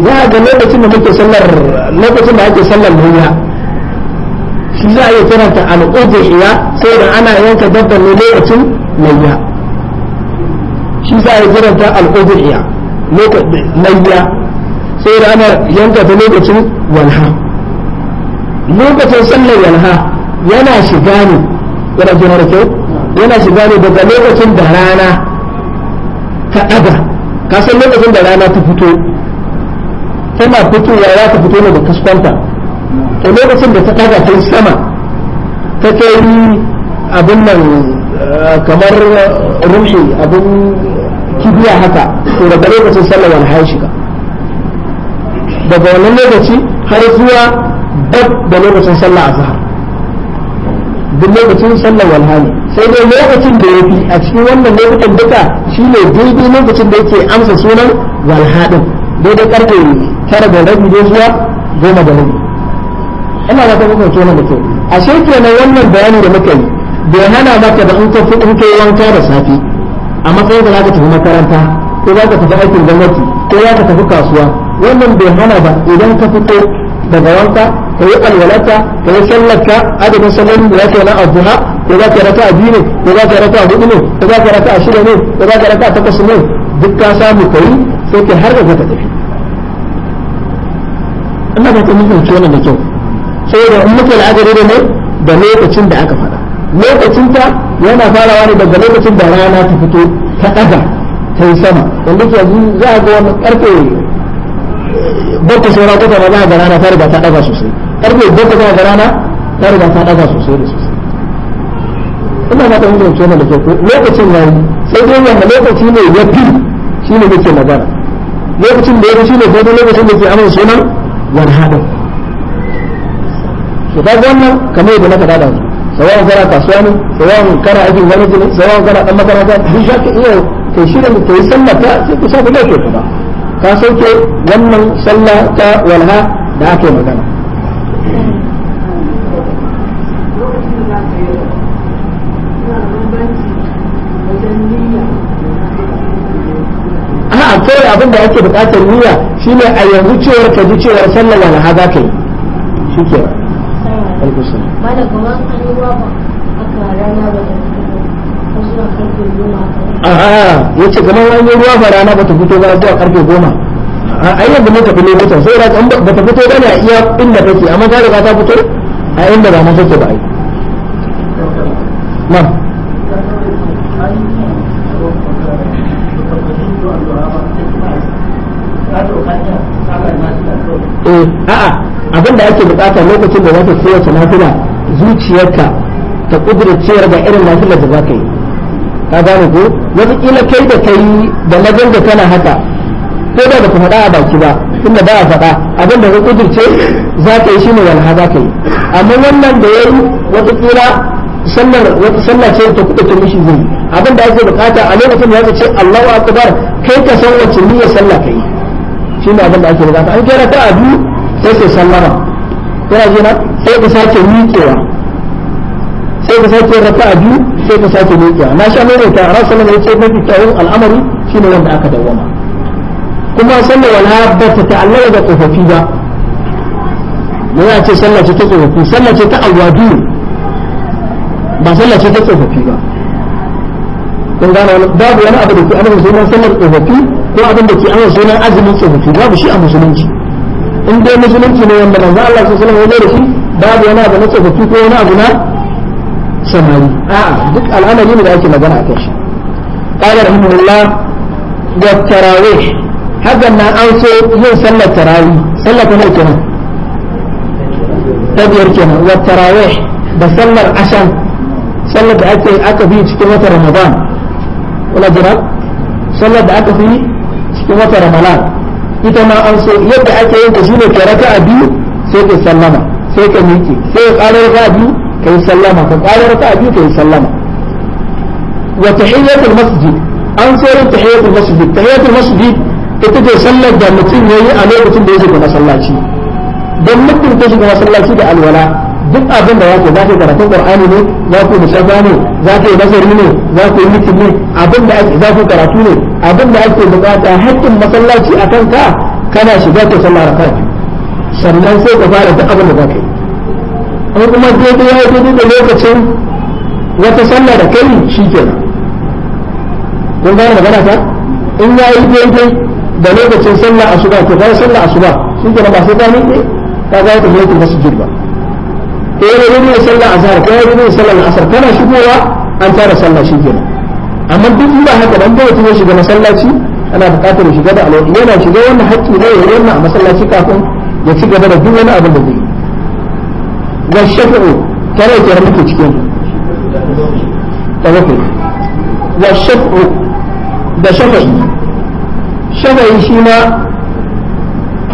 za a ga lokacin da muke sallar lokacin da ake sallar duniya shi za a iya kiranta sai da ana yanka dabbar ne lokacin layya shi za a iya kiranta al'udu'iya layya saboda ana yanka ta lokacin walha lokacin sallar walha yana shiga ne yana da kyau. yana shiga ne daga lokacin da rana ta ɗaga kasan lokacin da rana ta fito tana fitowa ya ta fito ne da kaskwanta to lokacin da ta ɗaga ta sama ta kai abin nan eh, kamar rumshi abin kibiya haka to daga lokacin sallar wani har daga wannan lokaci har zuwa dab da lokacin sallah azhar duk lokacin sallar walhani sai dai lokacin da ya a cikin wannan lokutan duka shine daidai lokacin da yake amsa sunan walhadin daidai karfe tara da rabi da zuwa goma da rabi ina da ta kuka kenan da kyau ashe na wannan bayani da muka yi bai hana maka da in ka fi in kai wanka da safe a matsayin da za ka tafi makaranta ko za ka tafi aikin gwamnati ko za ka tafi kasuwa wannan bai hana ba idan ka fito daga wanka ka yi alwalarka ka yi sallarka adadin sallar da zaka yi na abuha ko za ka raka a biyu ne ko za ka raka a hudu ne ko za ka raka a shida ne ko za ka raka a takwas ne duk ka samu kai sai ka har ka tafi ina ba ta mutunci wannan da kyau saboda in muke la'akari da ne da lokacin da aka faɗa lokacin ta yana farawa ne daga lokacin da rana ta fito ta ɗaga ta yi sama wanda ke yanzu za a ga wani ƙarfe. bakwai saura ta ba za ga rana ta riga ta daga sosai karfe bakwai za ga rana ta riga ta daga sosai da sosai ina ba ta yi zance mana da kyau lokacin yayi sai dai wannan lokaci ne ya fi shine muke magana lokacin da ya shi ne daidai lokacin da ke amin sunan wani haɗin to ka wannan kamar yadda na faɗa da su sawan kana kasuwa ne sawan kana aikin gwamnati ne sawan kana ɗan makaranta duk za ka iya kai shirin ka yi sallah ta sai ku sa ku lafiya ba ta sauke wannan sallah ta walha da aka yi magana a'a kawai abin da ake bukatar niyya shine a yanzu cewar ka ji cewar sallar walha za ka yi shi ke alkusa. Malam kamar an yi wa ba aka rana ba a'a ya ce kamar wani ruwa ba rana bata fito ba zuwa karfe goma a ayyar da muka fi lokutan sai da ba ta fito ba ne a iya inda take amma ta riga ta fito a inda ba mun take ba ai ma eh a'a abinda ake bukata lokacin da za ka kowace nafila zuciyarka ta kudurce ga irin nafilar da za ka yi ka gane ko wata kila kai da kai da lagar da tana haka ko da ku faɗa a baki ba tunda ba a faɗa abin da ka kudirce za ka yi shine walha za ka yi amma wannan da yayi wata kila sallar wata sallar ce ta kuɗa ta mishi zai abin da ake bukata a lokacin da ya ce Allahu akbar kai ka san wacce niyyar sallah kai ne abin da ake bukata an kira ta abu sai sai sallama kana jina sai ka sake miƙewa sai ka sake a biyu sai ka sake miƙewa na sha mai ta ran sallama ya mafi kyawun al'amari wanda aka kuma sallar wala ba ta ta'allaka da tsofaffi ba me ya ce sallar ce ta tsofaffi sallar ce ta ba sallar ce ta tsofaffi ba kun gane babu wani abu da ke ana sunan sallar tsofaffi ko abin da ke ana sunan azumin tsofaffi babu shi a musulunci in dai musulunci ne wanda manzo Allah sallallahu alaihi wasallam ya da shi babu wani abu na tsofaffi ko wani abu na samari a'a duk al'amari ne da ake magana akan shi qala rahimahullah wa tarawih hakan nan an so yin sallar sallar ta ta biyar wa da sallar ashan sallar da ake aka bi cikin wata ramadan wala jira sallar da aka fi cikin wata ramadan ita ma an so yadda ake yin ta shine ka raka'a biyu sai ka sallama sai ka sai ka ƙara raka'a biyu kai sallama ka ƙara raka'a biyu kai sallama wa tahiyatul masjid an saurin tahiyatul masjid tahiyatul masjid ta ce sallar da mutum yayi a lokacin da ya shiga masallaci don mutum ta shiga masallaci da alwala duk abinda da yake zaka karatun qur'ani ne za ku musafa ne za ku yi nazari ne za ku karatu ne abin da ake bukata haƙƙin masallaci akan ka kana shiga ta sannan sai ka fara duk abin da in kuma daidai ya yi da lokacin wata sallah da kai shi kenan kun gane magana ta in ya yi daidai da lokacin sallah asuba ke bayan sallah asuba shi kenan ba sai ka miƙe ka ga ta mulkin masjid ba ko ya yi da sallah zahar ko ya yi da sallah asar kana shigowa an tara sallah shi kenan amma duk ba haka dan bai ya shiga masallaci ana buƙatar shiga da alwadi yana shiga wannan haƙƙi ne ya yi wannan a masallaci kafin ya ci gaba da duk wani abin da zai wa shafi'u tare da muke cikin tawakkul wa shafi'u da shafi'i shafi'i shi ma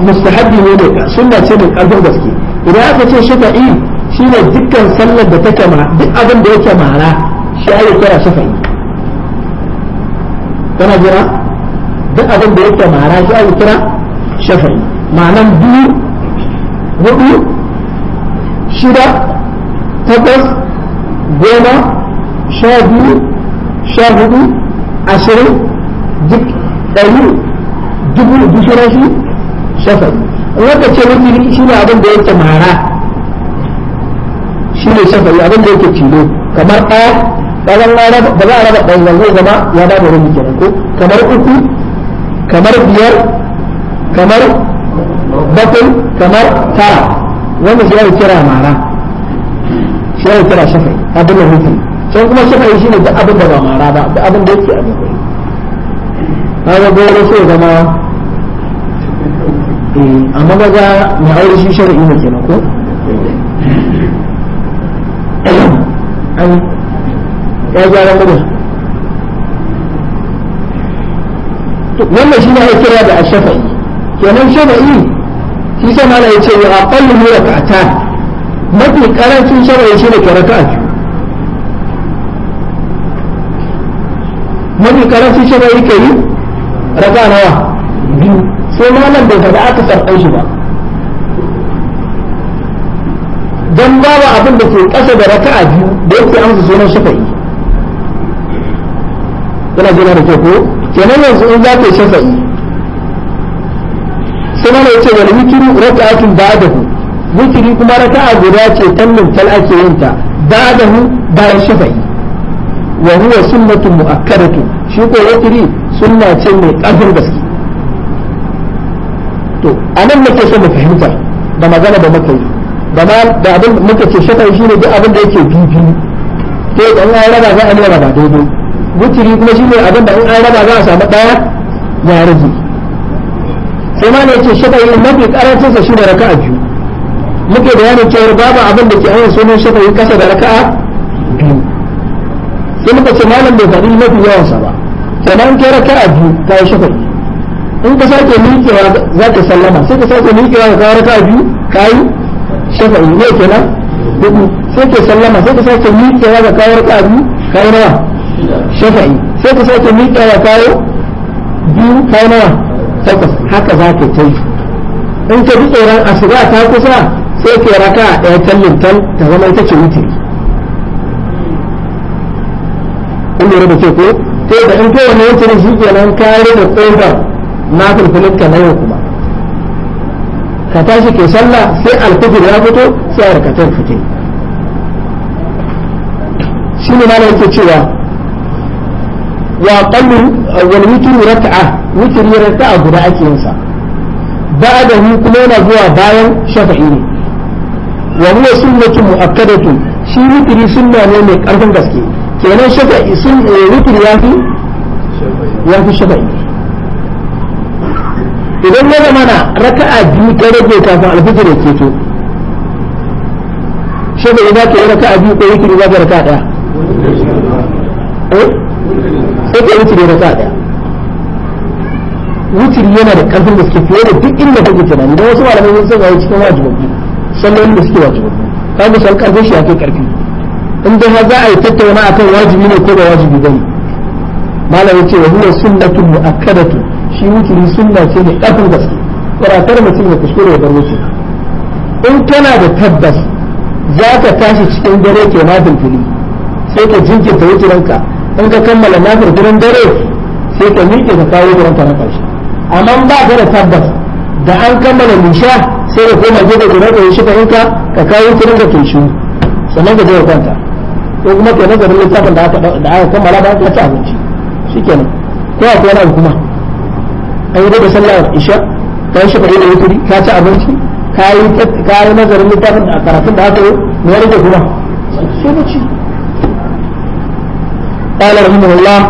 mustahabbi ne da sunna ce da ƙarfin gaske aka ce shafi'i shi ne dukkan sallar da ta kama duk abin da yake mara shi ake kira shafi'i kana jira duk abin da kira shida takwas goma sha biyu sha hudu ashirin duk ɗari dubu dusura shi shafai wanda ce yi shi ne abin da ya yake mara shi ne shafai abin da ya ke tilo kamar ɗaya ɗazan rana da za a raba ɗan zango zama ya ba da rumi kenan ko kamar uku kamar biyar kamar bakwai kamar tara wanda shi ya kira mara shi ya kira shafai abin da hukumi can kuma shafai shine duk abin da ba mara ba duk abin da yake abin kuri na ga goro sai zama eh, amma ba za mai aure shi shari'i ne kenan ko ya gyara mutum wannan shi ne ya kira da ashafa'i kenan shafa'i shi sai mala ya ce wa aqallu mu rak'ata mafi karancin shari'a shine ka raka'a biyu mafi karancin shari'a yi raka'a nawa biyu sai malam bai faɗa aka sarɗan shi ba dan babu abin da ke kasa da raka'a biyu da yake amsa sunan shafa'i yana jira da ke ko kenan yanzu in za ka yi shafa'i sai ne yace wal witru rak'atun ba'dahu witri kuma raka'a guda ce tallin tal ake yin ta ba'dahu bayan shafa'i wa huwa sunnatu mu'akkadatu shi ko witri sunna ce mai ƙarfin gaske to anan nake so mu fahimta da magana da muka yi da da abin muka ce shafa'i shine duk abin da yake bibi to dan an raba za a ne raba daidai witri kuma shine abin da in an raba za a samu daya ya rage sai ma ne ce shafa'i mafi karancinsa shi da raka'a biyu muke da yanin cewa babu abin da ke ayin sunan shafa'i kasa da raka'a biyu sai muka ce malam bai faɗi mafi yawan sa ba kenan ke raka'a biyu ta yi shafa'i in ka sake miƙewa za ka sallama sai ka sake miƙewa ka kawo raka'a biyu ka yi shafa'i ne nan hudu sai ka sallama sai ka sake miƙewa ka kawo raka'a biyu ka yi nawa shafa'i sai ka sake miƙewa ka kawo biyu ka yi nawa takwas haka za ka ta yi in ka bi a asuba ta kusa sai ka raka a ɗaya tallin tal ta zama ita ce wuce in lura da ke ko yi da in kowane wutiri shi nan ka da ƙofar na fulfulin ka na yau kuma ka tashi ke sallah sai alfajir ya fito sai a rikatar fito shi ne malam yake cewa wa qallu wal witru raka'a witiri raka'a guda ake yin sa ba'dahu kuma yana zuwa bayan shafa'i ne wa huwa sunnatu mu'akkadatun shi witiri sunna ne mai karfin gaske kenan shafa'i sun eh, witiri ya fi shafa'i idan ya mana na raka'a biyu ta rage kafin alfijir ya keto shafa'i za ka yi raka'a biyu ko witiri za ta ka raka'a daya eh? sai ka witiri raka'a daya wucin yana da karfin suke fiye da duk inda kake tunani da wasu malamai sun sanya cikin wajibi sallan da suke wajibi ga san karfin shi akai karfi in dai za a yi tattauna akan wajibi ne ko ba wajibi bane malam yace wa huwa sunnatun muakkadatu shi wuturi sunna ce ne karfin gaske karatar mutum ya kuskure ya bar wuce in kana da tabbas za ka tashi cikin dare ke nafin fili sai ka jinkirta wuturanka in ka kammala nafin daren dare sai ka miƙe ka kawo wuturinka na ƙarshe amma ba ka da tabbas da an kammala lisha sai da koma gefe guda ka yi shiga inka ka kawo kirin da tunshi sannan ka je ka kwanta ko kuma ka nazarin littafin da aka kammala ba ka ci abinci shikenan ko a kwana kuma an yi da sallar isha ka yi shiga ina wuturi ka ci abinci ka yi nazarin littafin da karatun da aka yi ne rage kuma so ka ci قال رحمه الله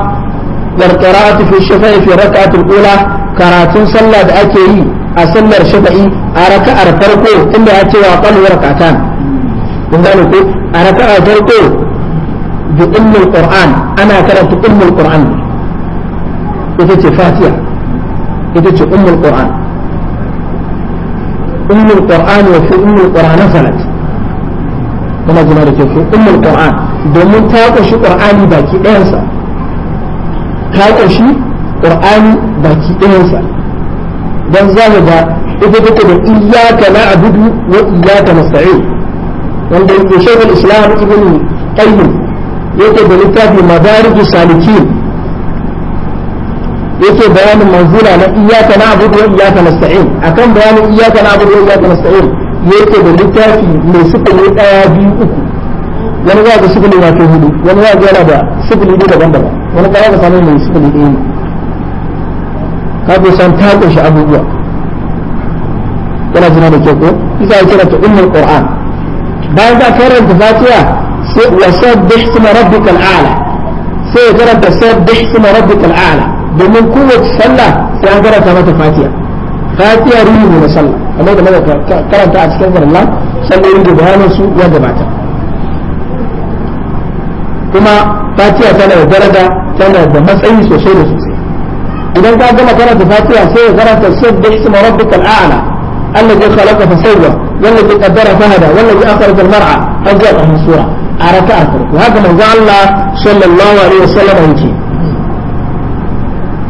والقراءة في الشفاء في ركعة الأولى karatun sallah da ake yi a sallar shafa'i a raka'ar farko inda ya ce wa qalu rakatan kun gane ko a raka'ar farko bi ummul qur'an ana karanta ummul qur'an ita ce fatiha ita ce ummul qur'an ummul qur'an wa fi ummul qur'an salat kuma jima da ke fi ummul qur'an domin ta ƙunshi qur'ani baki ɗayansa ta ƙunshi qur'ani baki ɗayansa dan za mu ga ita take da iyyaka na'budu wa iyyaka nasta'in wanda yake shaykhul islam ibn qayyim yake da littafi madarij salikin yake bayanin manzila na iyyaka na'budu wa iyyaka nasta'in akan bayanin iyyaka na'budu wa iyyaka nasta'in yake da littafi mai sifili daya biyu uku wani za ga sifili wato hudu wani za ga yana da sifili daban-daban wani za ga samu mai sifili ɗaya ka bi san ta kunshi abubuwa kana jina da ke ko isa ya kira ta ummul qur'an bayan ka karanta fatiha sai wa sabbih isma rabbikal a'la sai ya karanta sabbih isma rabbikal a'la domin kowace sallah sai an karanta mata fatiha fatiha ruhi ne na sallah kamar da muka karanta a cikin farilla sallolin da bayanan su ya gabata kuma fatiha tana da daraja tana da matsayi sosai da sosai إذا بعد ما كانت فاتحة سوى كانت تصب باسم ربك الأعلى الذي خلق فسوى والذي قدر فهدى والذي أخرج المرعى أجل أهل السورة أعرف أخر وهذا ما جعل صلى الله عليه وسلم أنجي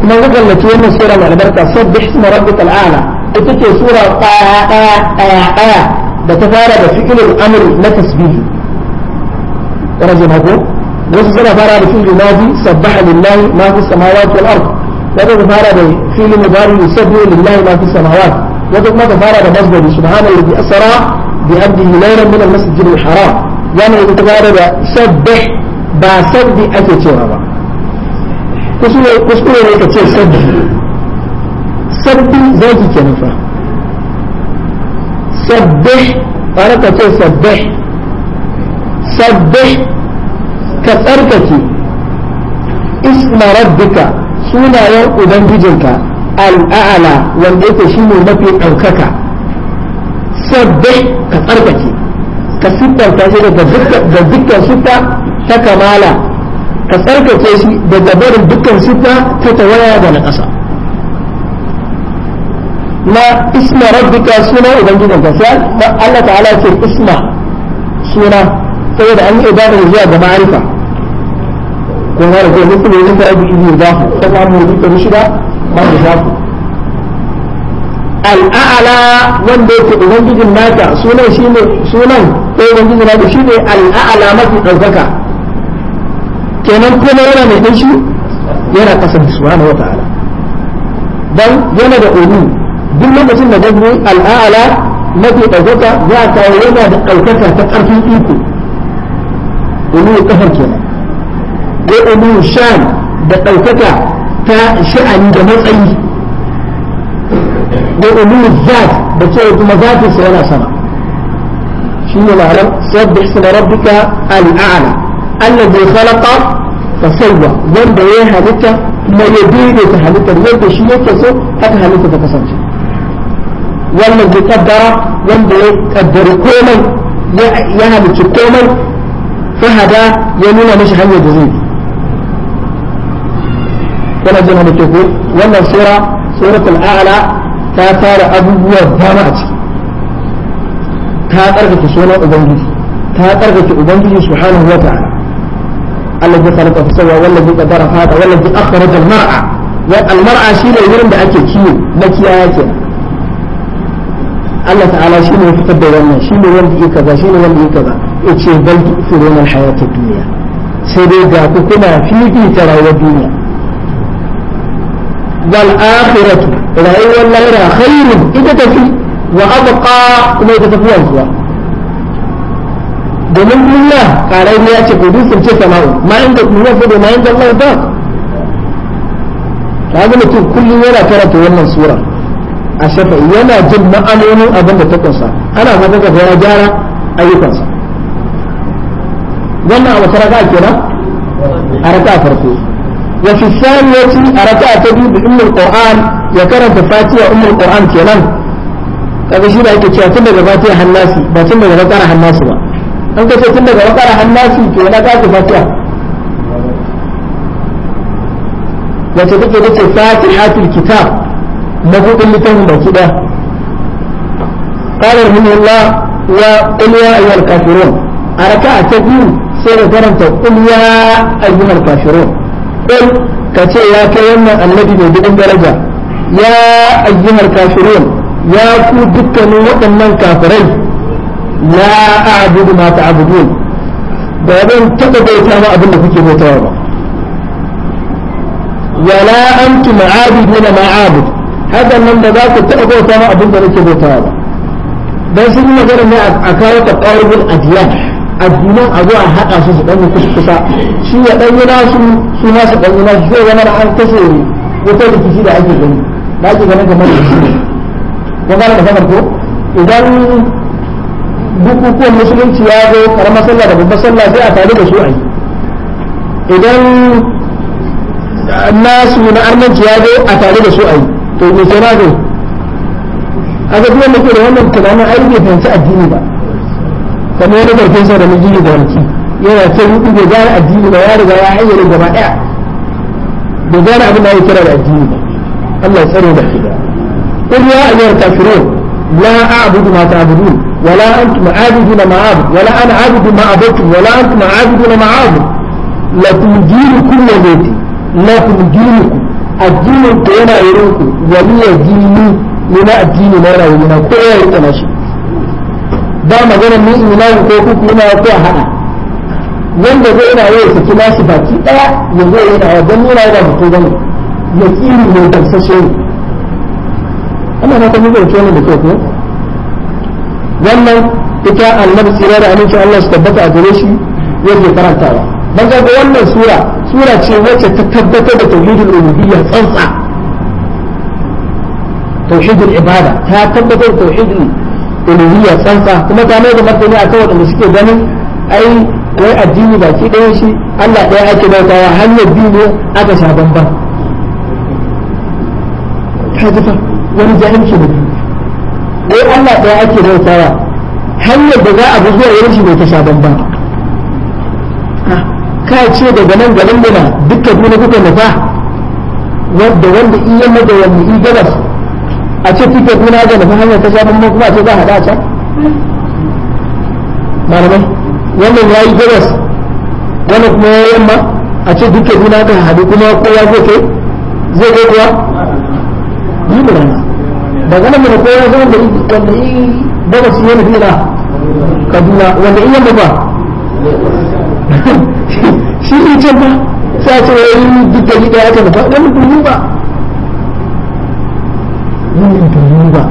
كما ذكر لك يوم السورة على بركة صب باسم ربك الأعلى تلك سورة آآ آآ آآ بتفارى بفعل الأمر لتسبيه ورجل هكو وسوف فارى بفعل الماضي سبح لله ما في السماوات والأرض وده مفارة بفيل مضارع يسبه لله ما في السماوات وده مفارة بمزبه سبحانه الذي أسرى بأبده ليلا من المسجد الحرام يعني إذا تفارة بسبح بسبح أكتر هذا أكتر سبح سبح ذاتي كنفة سبح أنا كتير سبح سبح كثرتك اسم ربك sunayen ubangijinka al'ala wanda yake shine mafi ɗaukaka sabbai ka tsarkake ka siffanta shi da dukkan siffa ta kamala ka tsarkake shi daga barin dukkan siffa ta tawaya da na ƙasa na isma rabbika suna ubangijinka sai Allah ta'ala ce isma suna saboda an yi ibadar zuwa ga ma'arifa kun gane ko musu ne inda abu ibn zafu kan amma ne da shida ba da zafu al'a'ala wanda yake ubangijin naka sunan shi ne sunan ko ubangijin shi ne al'a'ala mafi ɗaukaka kenan kuma yana mai dan shi yana kasan subhanahu wa ta'ala don yana da ulu duk lokacin da gaggo al'a'ala mafi ɗaukaka za a kawo yana da ɗaukaka ta ƙarfin iko ulu kafar kenan وأمور شان دقوكك شأن دمسعي وأمور الذات بسوء مذاتي سينا سما شنو العرب سبح اسم ربك الأعلى الذي خلق فسوى وند يهلك ما يدين تهلك وند شيء يكسو هكا هلك تكسنش والذي قدر وند يقدر كوما يهلك كوما فهذا يمين مش هنيا دزيدي kana jin da ke wannan sura suratul a'la ta tara abubuwa dama a ciki ta tsarkake sunan ubangiji ta tsarkake ubangiji subhanahu wa ta'ala allazi khalaqa fa sawwa wallazi qadara fa hada wallazi akhraja al-mar'a wa al-mar'a shine wurin da ake kiwo na kiyaya kenan Allah ta'ala shi ne ya fitar da wannan shi ne wanda ya kaza shi ne wanda ya kaza ya ce bal tu'thiruna al-hayata ad-dunya sai dai ga ku kuna fifita rayuwar duniya wal akhiratu rayuwar lahira khairun ita tafi wa abqa tafi domin duniya karai ne ya ce ko dusun ce sama'u ma inda duniya fa ma inda Allah ba kaga mutum kullum yana karanta wannan sura a shafa yana jin ma'anonin abin da ta kunsa ana fata ka fara gyara ayyukansa wannan a wata raka'a kenan a raka'a farko وفي الثانية أركع تبي بأم القرآن يكرم فاتحة أم القرآن كلام kaga shi da ake cewa tun daga fatiha hannasi ba tun daga bakara hannasi ba an kace tun daga bakara hannasi to na kace fatiha wace take da ce fatihatul kitab mabudin littafin baki da qala rahimahullah wa qul ya ta biyu sai da karanta qul ya bal ka ce ya kai wannan annabi mai dukkan daraja ya ayyuhar kafirun ya ku dukkanin waɗannan kafirai la a'budu ma ta'budun ba zan taɓa bauta ma abin da kuke bautawa ba wala antum a'abiduna ma a'bud hakan nan ba za ku taɓa bauta ma abin da nake bautawa ba dan sun yi magana ne a kawo ta ƙarfin ajiya addinan a zuwa haɗa su su ɗanyi kusa shi ya ɗanyi nasu su nasu su ɗanyi nasu zai zama da an kashe wutar rikici da ake gani da ake ganin kamar da shi ne ko ba da kamar ko idan bukukuwan musulunci ya zo karamar sallah da babbar sallah sai a tare da su a yi idan nasu na armanci ya zo a tare da su a yi to me sai na zo a ga duk wanda ke da wannan tunanin ai bai fahimci addini ba kamar wani barkin sa da mun gini da wanki yana ta hudu da addini ba ya riga ya ayyana gaba da abin da ya kira da addini ba Allah ya tsare da قل يا أيها الكافرون لا أعبد ما تعبدون ولا أنتم عابدون ما أعبد ولا أنا عابد ما عبدتم ولا أنتم عابدون ما أعبد لكم كل وبيتي لكم دينكم الدين كينا يروكم ولي ديني من الدين ما لا يمنا كل يتناشي ba magana ni ina yi ko kuku ina ko a haɗa wanda zai na yau saki nashi baki ɗaya ya zo yana yau don nuna yana mutu bane ya tsiri mai gamsashe ne ana na kuma zai kyau da kyau wannan ita annabi tsira da aminci Allah su tabbata a gare shi yake karantawa dan ga wannan sura sura ce wacce ta tabbatar da tauhidul rububiyya tsantsa tauhidul ibada ta tabbatar da tauhidul uluhiyya tsantsa kuma ta mai da martani kawai da suke ganin ai wai addini ba ki ɗaya shi Allah ɗaya ake bautawa hanyar dini aka sha bamban Ta wani jahilci ne wai Allah ɗaya ake bautawa hanyar da za a bi zuwa wurin shi bai ta sha bamban ka ce daga nan garin muna dukkan duniya kuka nufa wadda wanda iya madawanni gabas a ce tiket kuna ga da hanyar ta shafin mu kuma ce za a haɗa a can malamai wannan ya yi gabas wannan kuma ya yamma a ce duke kuna ga hadu kuma kowa zai kai zai kai kuwa yi mu ga ba gana mana kowa zama da wanda yi gabas ya nufi na kaduna wanda in yamma ba shi ne can ba sai a ce wani duk da gida ya ta nufa wani kuma ba yin tunani ba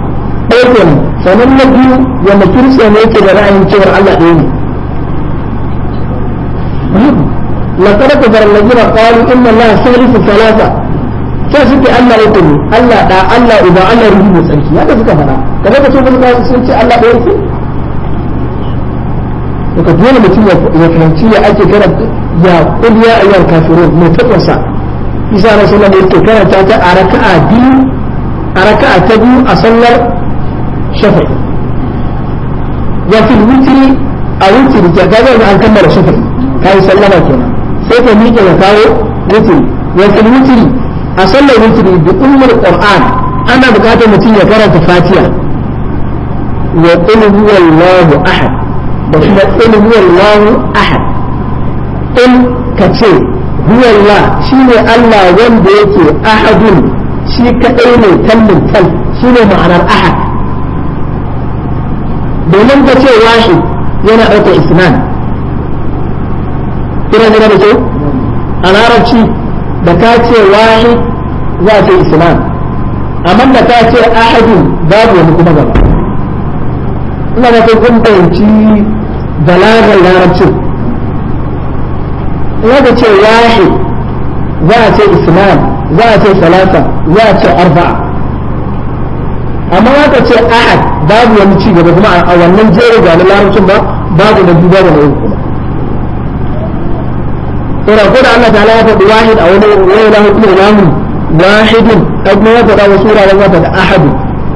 ɗaya kenan sannan na biyu wanda kirista ne yake da ra'ayin cewar Allah ɗaya ne لقد كفر الذين قالوا إن الله ثالث ثلاثة sai suke Allah ya tuni Allah da Allah uba Allah ruhu mai tsarki haka suka fara kaga ka tun kuma sun ce Allah ɗaya ku ka dole mutum ya fahimci ya ake karanta ya kuliya ayyar kafirun mai tabbasa isa rasulullahi yake karanta ta a raka'a biyu أركع تبو أصلى شفعي وفي الوتر أو وتر كذا عن كمل شفعي كاي سلمة كنا سيكون ميكا يكاو وتر وفي الوتر أصلى وتر بأم القرآن أنا بقاطع متين يكرا تفاتيا وقل هو الله أحد وكما قل هو الله أحد قل كتير هو الله شيني الله وين بيتي أحد shi kadai ne tallin tal shi ne ma'anar ahad domin ka ce washi yana ɗaukar isnan kira ne da ce. a larabci da ka ce washi za a ce isnan amma da ka ce ahadu babu wani kuma gaba ina da kai kun fahimci balagar larabcin ina da ce washi za a ce islam za a ce salasa wace arba amma za ce a'ad babu wani ci gaba kuma a wannan jere ga na larabcin ba babu na duba da na kuma ina ko da Allah ta'ala ya faɗi wahid a wani wani lahu kuma imamu wahidin kuma ya faɗa wasu wuraren ya faɗi ahadu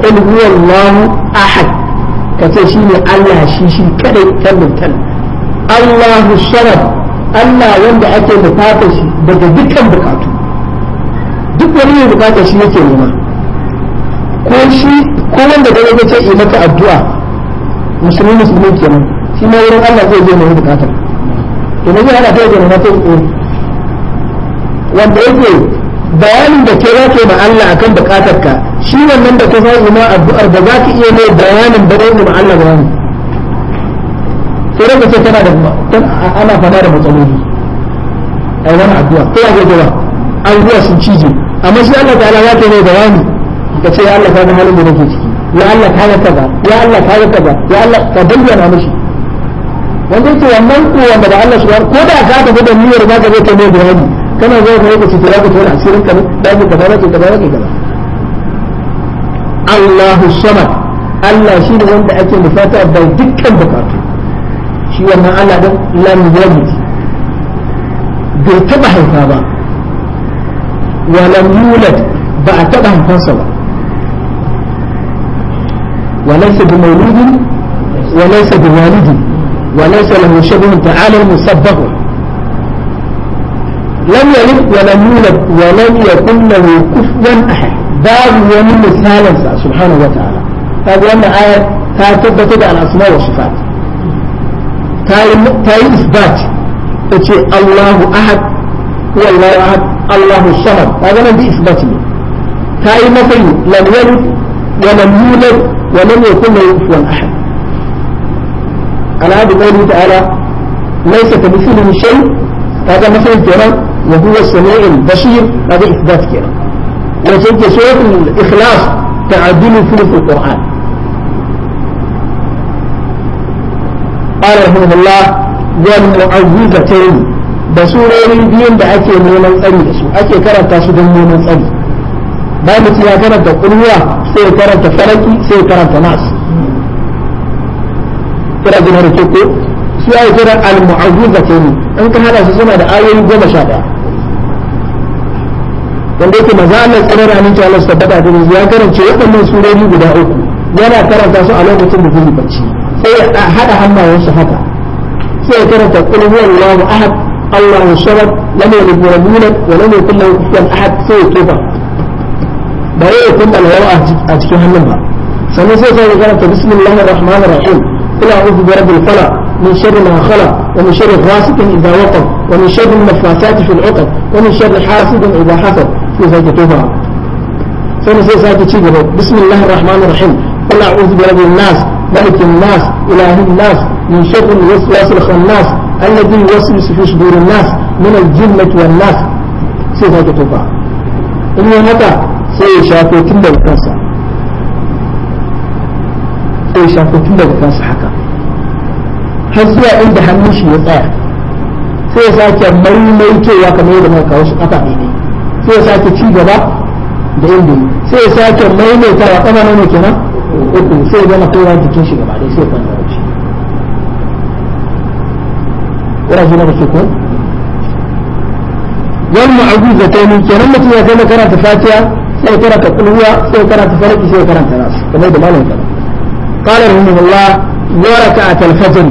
qul huwallahu ahad ka kace shine Allah shi shi kadai kallon tal Allahu samad Allah wanda ake bukatar shi daga dukkan bukatu wani mai bukata shi yake nema ko shi ko wanda da yake ce yi maka addu'a musulmi musulmi kenan shi ma wurin Allah zai je mai bukata to ne zai hada ta da mata wanda yake bayanin da ke yake ma Allah akan bukatar ka shi wannan da ka sai ma addu'ar da zaka iya mai bayanin da zai ma Allah bayani sai daga ce tana da ana fada da matsaloli a wani addu'a ko a gaba an zuwa sun cije amma shi Allah ta'ala za ta yi bayani ka ce ya Allah ka ga halin da nake ciki ya Allah ka ga kaza ya Allah ka ga kaza ya Allah ka bayyana mishi wanda yake wannan ko wanda da Allah subhanahu ko da ka tafi da niyyar za ka zo ta mai bayani kana zo ka yake cikin zaka tona asirin ka da mu ka fara ka fara ka fara Allahu samad Allah shi ne wanda ake nufata da dukkan bukatu shi wannan Allah din lam yalid bai taba haifa ba ولم يولد بأتبع فنسوا وليس بمولود وليس بوالد وليس له شبه تعالى المسبه لم يلد ولم يولد ولم يكن له كفوا أحد باب ومن مثالا سبحانه وتعالى هذه أن آية تثبت على الأسماء والصفات تاي إثبات تقول الله أحد هو الله أحد الله الصمد هذا من بإثباته له مثل لم يلد ولم يولد ولم يكن له كفوا أحد على هذا قوله تعالى ليس كمثله شيء هذا مثل كلام وهو السميع البشير هذا إثبات كلام وجدت سورة الإخلاص تعدل ثلث القرآن قال رحمه الله والمعوذتين da surorin biyun da ake neman tsari da su ake karanta su don neman tsari bayan mutum ya karanta kulwa sai karanta faraki sai karanta nas kira jina da ke ko su ya yi kira al-mu'azziza ce ne in ka hada su suna da ayoyi goma sha ɗaya wanda yake maza Allah tsirar aminci Allah su tabbata da ya karance waɗannan surori guda uku yana karanta su a lokacin da zai bacci sai ya hada hannayensu haka sai ya karanta kulhu Allahu ahad الله الشرب لم يلد ولم يولد ولم يكن له كفوا احد سوى كفا بريئة كل الهواء اتكلم منها فنسي سوى ذلك بسم الله الرحمن الرحيم قل اعوذ برب الفلق من شر ما خلق ومن شر غاسق اذا وقف ومن شر النفاسات في العقد ومن شر حاسد اذا حسد في ذلك كفا فنسي سوى ذلك بسم الله الرحمن الرحيم قل اعوذ برب الناس ملك الناس اله الناس من شر الوسواس الخناس الذي يوسوس في صدور الناس من الجنة والناس sai sake tufa in yi mata sai ya shafo tun daga kansa sai ya shafo tun daga kansa haka har inda hannun shi ya tsaya sai ya sake maimaitowa kamar yadda muka kawo shi kafa daidai sai ya sake ci gaba da inda sai ya sake maimaitawa kama nono kenan uku sai ya gama kaiwa jikin shi gaba sai ya kwanta shi ورجل بسكون والمعجوزة تيمين كنمة يا كما كانت فاتحة سيكرة قلوة سيكرة فرق سيكرة تناس كما يدى مالهم كلام قال رحمه الله وركعة الفجر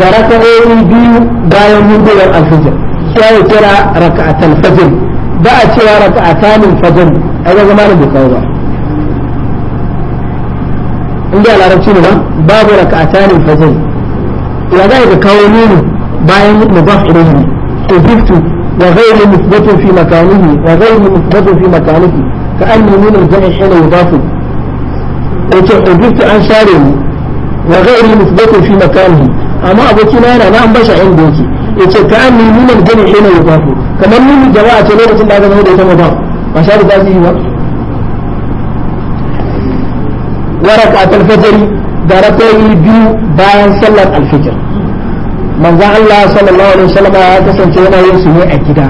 دركة أولي بي دايا مدوى الفجر سيكرة ركعة الفجر بعد سيا ركعتان الفجر هذا أيوة زمان بقوضة عندي على ركعتين باب ركعتان الفجر إذا ذلك كونينه بايم مضاف إليه أضفت وغير مثبت في مكانه وغير مثبت في مكانه كأن من الجمع حين يضاف أضفت عن شاره وغير مثبت في مكانه أما أبوكينا أنا نعم بشع عندك إذا كان من الجمع حين يضاف كما من الجواعة تلوغة الله عنه يتم مضاف مشارة هذه هو ورقعة الفجر دارتين بيو بايم صلاة الفجر manzan Allah sallallahu alaihi wasallam ya kasance yana yin su ne a gida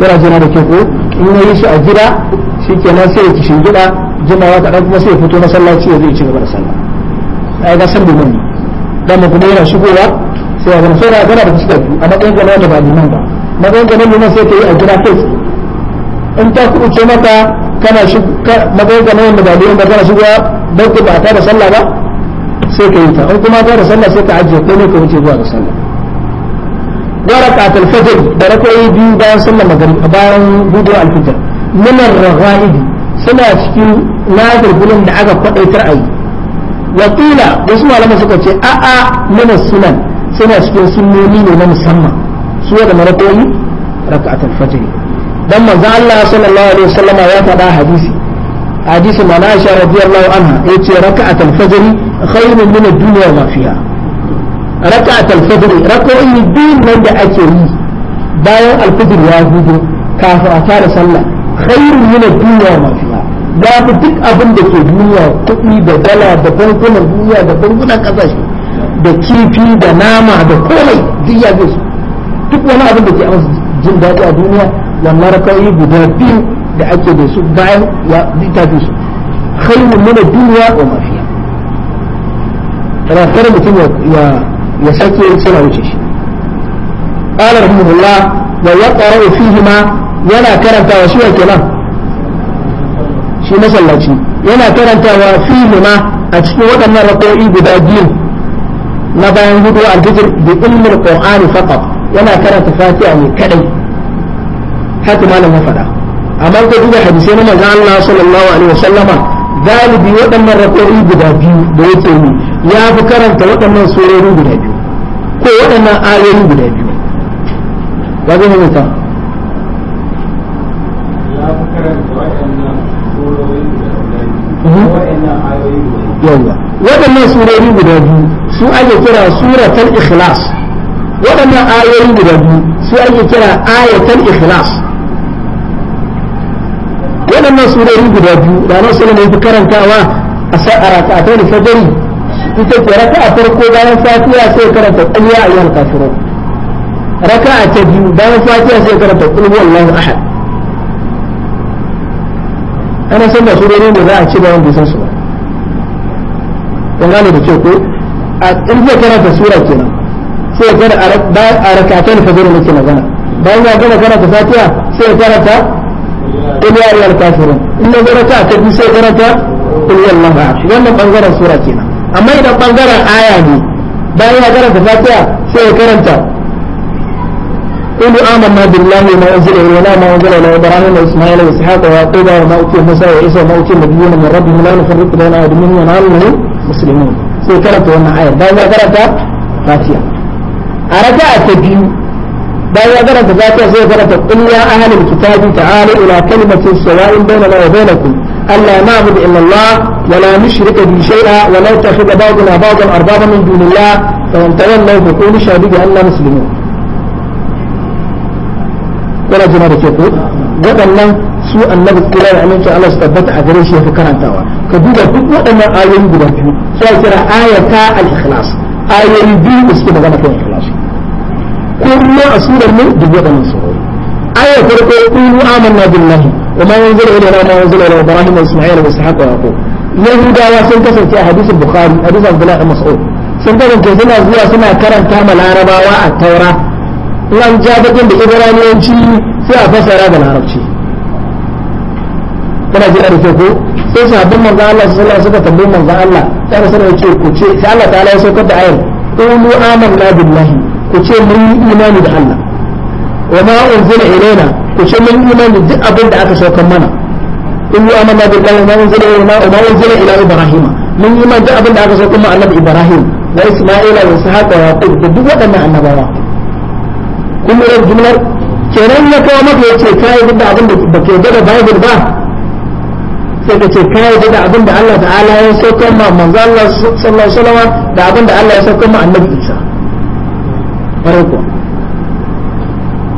yana jina da kyau in yayi shi a gida shikenan sai ya kishin gida jimawa kaɗan kuma sai ya fito masallaci ya zai ci gaba da sallah ai ga san domin dan mu kuma yana shigowa sai ya zama sai da da fuskar a matsayin gana da ba liman ba matsayin gana liman sai ta yi a gida kai in ta ce maka kana shi matsayin gana da ba liman ba kana shigowa don ba ta da sallah ba sai ka yi ta in kuma gara sallah sai ka ajiye komai ka wuce zuwa ga sallah gara katal fajr da rakoyi biyu bayan sallah magariba bayan gudu alfitar minar raghaibi suna cikin nazarbulin da aka kwadaitar a yi wakila wasu malaman suka ce a'a minar sunan suna cikin sunnoni ne na musamman su da marakoyi raka'atul fajr dan manzo Allah sallallahu alaihi wasallam ya faɗa hadisi hadisi mana Aisha radiyallahu anha yace raka'atul fajr khairun min ad-dunya wa fiha raka'at al-fajr raka'o'i da ake yi bayan al-fajr ya a fara sallah khairun min duk abin da ke duniya kuɗi da dala da bankunan duniya da bankunan ƙasashe da kifi da nama da komai duk ya duk wani abin da ke amsa jin daɗi a duniya wannan raka'o'i guda biyu da ake da su bayan ya tafi su khairun min ad-dunya wa ranar mutum ya sake suna wuce shi qala rahimahullah wa yaqra'u fihima yana karantawa shi kenan shi masallaci yana karantawa fihima a cikin waɗannan rakoi guda biyu na bayan hudu al-fajr bi ilmi al-qur'ani yana karanta fatiha ne kadai haka malam ya faɗa amma ka da hadisai na manzon Allah alaihi galibi waɗannan rako'i guda biyu da yake yi ya fi karanta waɗannan surori guda biyu ko waɗannan ayoyi guda biyu ba zai mata waɗannan surori guda biyu su ake kira suratul ikhlas waɗannan ayoyi guda biyu su ake kira ayatul ikhlas waɗannan surori guda biyu da nan sulama ya fi karantawa a sa'ara ta ta da fajari ita ce raka a farko bayan fatiha sai karanta kulliya a yawon kafiro raka a ta biyu bayan fatiha sai karanta kulhu allahu ahad ana san da surori ne za a ci bayan bisan su ba kun gane da kyau ko a in zai karanta sura kenan sai ya karanta a rakatan fajari ne ke magana bayan ya gama karanta fatiha sai ya karanta kuma ya kafirin in na garata ta fi sai garata in yi Allah ba wannan bangaren sura ke amma idan bangaren aya ne bayan ya karanta fatiha sai ya karanta kullu amanna billahi ma unzila ilayna wa ma unzila ila ibrahima wa isma'ila wa ishaqa wa yaqub wa ma utiya musa wa isa wa ma utiya nabiyyun min rabbihim la nufarriqu bayna ahadin minhum wa nahnu lahu muslimun sai karanta wannan aya bayan ya karanta fatiha a raka'a ta biyu بايا قرأت ذاتي زي قرأت قل يا أهل الكتاب تعالوا إلى كلمة سواء بيننا وبينكم ألا نعبد إلا الله ولا نشرك به شيئا ولا يتخذ بعضنا بعضا أربابا من دون الله فإن تولوا فقولوا شهدوا بأننا مسلمون ولا جمال تقول waɗannan لن سوء النبي da aminci Allah su tabbata a gare shi ya fi karantawa ka آيين duk waɗannan ayoyi guda biyu sai kira ayata al-ikhlas kullum a surar mu duk waɗannan surori ayar farko qulu amanna billahi wa ma yanzila ilayna ma yanzila ila ibrahim wa isma'il wa ishaq wa yaqub yahudawa sun kasance a hadisin bukhari hadisin abdullahi mas'ud sun kasance suna zuwa suna karanta ma larabawa a taura ran jabakin da ibraniyanci sai a fasara da larabci kana ji da ko sai sabbin manzo Allah sallallahu alaihi suka tambayi Allah sai rasul ya ce ku ce sai Allah ta'ala ya saukar da ayar qulu amanna billahi ku ce mun yi imani da Allah wa ma unzila ilaina ku ce mun yi imani duk abin da aka saukar mana in yi amana da Allah ma unzila ilaina wa ma unzila ila ibrahima mun yi imani duk abin da aka saukar mana annabi ibrahim wa isma'ila wa ishaqa wa yaqub duk waɗannan annabawa kun lura jumlar kenan ya kawo maka yace kai duk da abin da baka da bible ba sai ka ce kai da abin da Allah ta'ala ya saukar ma manzo Allah sallallahu alaihi wasallam da abin da Allah ya saukar ma annabi Isa farko kuwa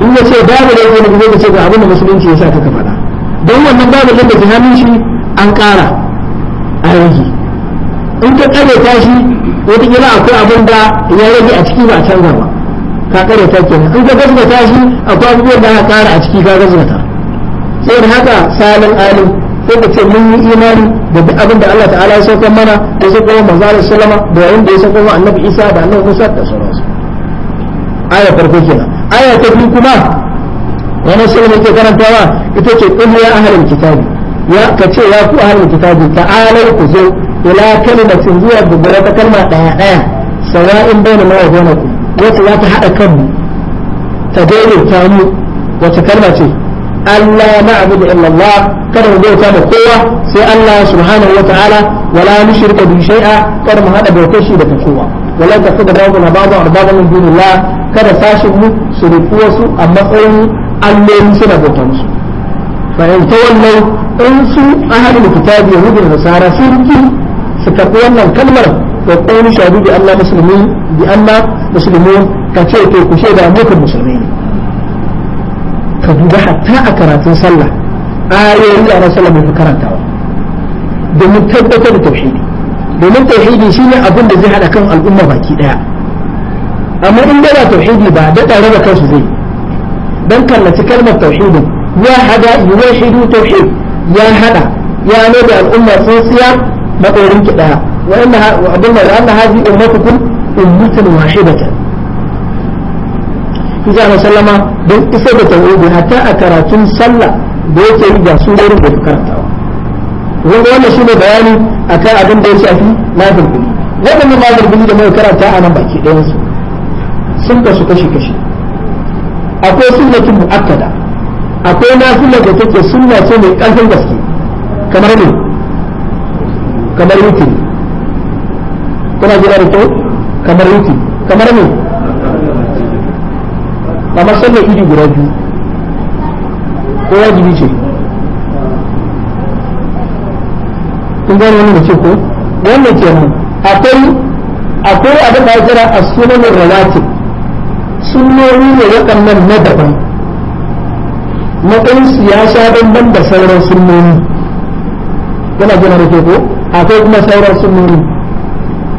in ya ce babu da da zai ce ga abin da musulunci ya sa ta faɗa don wannan babu da ke hannun shi an ƙara a yanki in ka ta shi wataƙila akwai abin da ya rage a ciki ba a canza ba ka ta kenan in ka ta shi akwai abubuwan da aka ƙara a ciki ka ta sai da haka salin alim sai ka ce mun yi imani da duk abin da Allah ta'ala ya saukar mana ya saukar wa manzo sallama da yayin da ya saukar wa annabi Isa da annabi Musa da sauran aya farko kenan aya ta kuma wani sura ne ke karantawa ita ce qul ya halin kitabi ya kace ya ku ahlul kitabi ta'alau ku zo ila kalimatin zuwa dubura ta kalma daya daya sawa'in bayna ma wa bainakum wata za ta hada kanmu ta daidaita mu wata kalma ce Allah na'budu illa kada mu bauta da kowa sai Allah subhanahu wa ta'ala wala nushrika bi shay'a kada mu hada bautar shi da kowa walau ka da babu na babu arbaba min dunillah kada sashin mu su rufu wasu a matsayin alloli suna bauta musu fa in tawallau in su ahlul kitabi yahudi da nasara sun ki su karɓi wannan kalmar wa qulu shahadu bi anna muslimin bi anna muslimun ka ce to ku shaida mu kan musulmai ne ka duba hatta a karatun sallah ayoyi da rasulullah mai karantawa domin tabbatar da tauhidi domin tauhidi shine abin da zai haɗa kan al'umma baki ɗaya amma in da ba tauhidi ba da tare da kansu zai dan kallaci kalmar tauhidin ya hada yuwahidu tauhid ya hada ya ne da al'umma tsintsiya makorin ki daya wa inna wa abin da anna hadi ummatukum ummatan wahidatan Isa na sallama don isa da tauhidi hatta a karatun sallah da yake yi ga su da karanta wanda wannan shine bayani a akan abin da ya shafi nafil kuli waɗannan nafil kuli da muka karanta a nan baki ɗayan su sun kasu kashi kashi akwai sunnatul muakkada akwai na nafilar da take sunna ce mai ƙarfin gaske kamar ne kamar yuti kuna jira da kyau kamar yuti kamar ne kamar sallar idi guda biyu ko wajibi ce kun gane wannan ce ko wannan kenan akwai akwai abin da kira a sunan ar-rawatib sunnoni ne waɗannan na daban matsayin siyasa banban da sauran sunnoni yana jina da ke ko akwai kuma sauran sunnoni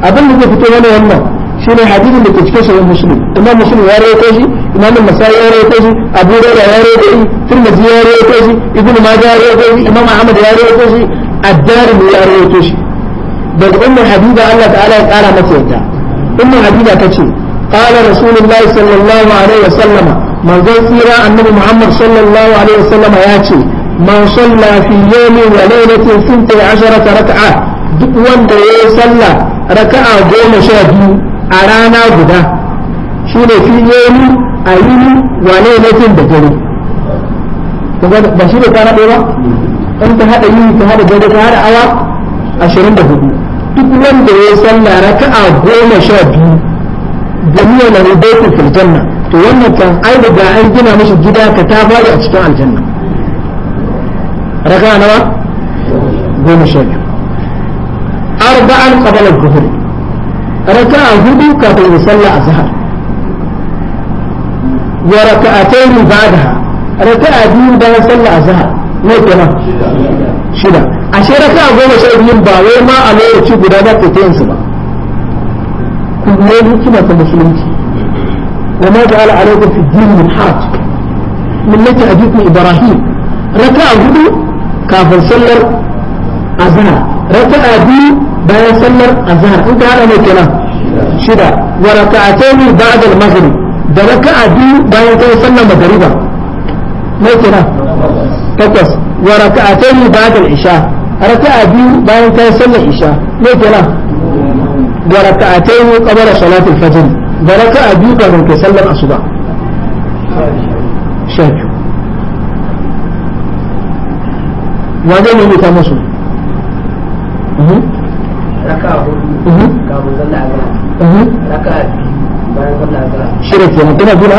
abin da zai fito wani wannan shi ne hadisin da ke cikin sahih muslim imam muslim ya rawaito shi imam masai ya rawaito shi abu hurairah ya rawaito shi tirmidhi ya rawaito shi ibnu majah ya rawaito shi imam ahmad ya rawaito shi addarimi ya rawaito shi daga ummu habiba Allah ta'ala ya kara mata yadda ummu habiba tace qala rasulullahi sallallahu alaihi wasallama manzon tsira annabi muhammad sallallahu alaihi wasallama ya ce man salla fi yawmi wa lailatin sinta raka raka'a duk wanda ya salla raka'a goma sha biyu a rana guda shine fi yawmi a yini wa lailatin da dare ba shi ne kwana ɗaya ba in ta hada yin ta hada dare ta hada awa 24 duk wanda ya sallah raka'a goma sha biyu da miya na rubaikun fil janna to wannan kan ai daga an gina mishi gida ka ta bari a cikin aljanna raka'a nawa goma sha biyu arba'an qabala dhuhr raka'a hudu kafin ya sallah azhar wa raka'atayn ba'daha raka'a biyu bayan sallah azhar ne kenan shida ashe raka goma sha biyun ba wai ma a lokaci guda za ta yin su ba kuma hikima ta musulunci wa ma ja'ala alaikum fi din min haraj millati abikum ibrahim raka hudu kafin sallar azhar raka biyu bayan sallar azhar in ka hada ne kenan shida wa raka'atayn ba'da al-maghrib da raka'a biyu bayan kai sallar magriba ne kenan takwas wa raka'atayn ba'da isha raka'a biyu bayan kai sallar isha me kenan wa raka'atayn qabla salati al-fajr da raka'a biyu kafin kai sallar asuba shafi wajen ne ta musu mhm. raka'a hudu mhm. kafin sallar azhar mhm. raka'a biyu bayan sallar azhar shirki ne kina gura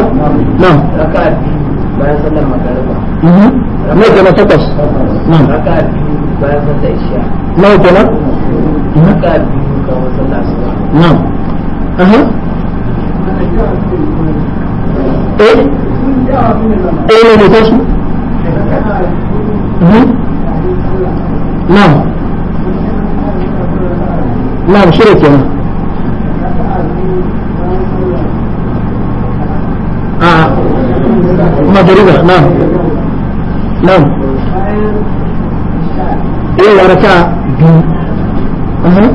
na'am raka'a biyu bayan sallar magariba mhm. ne kenan takwas raka biyu bayan sallar isha mhm. raka biyu kawai sallar asuba magariba نعم na'am eh wa raka biyu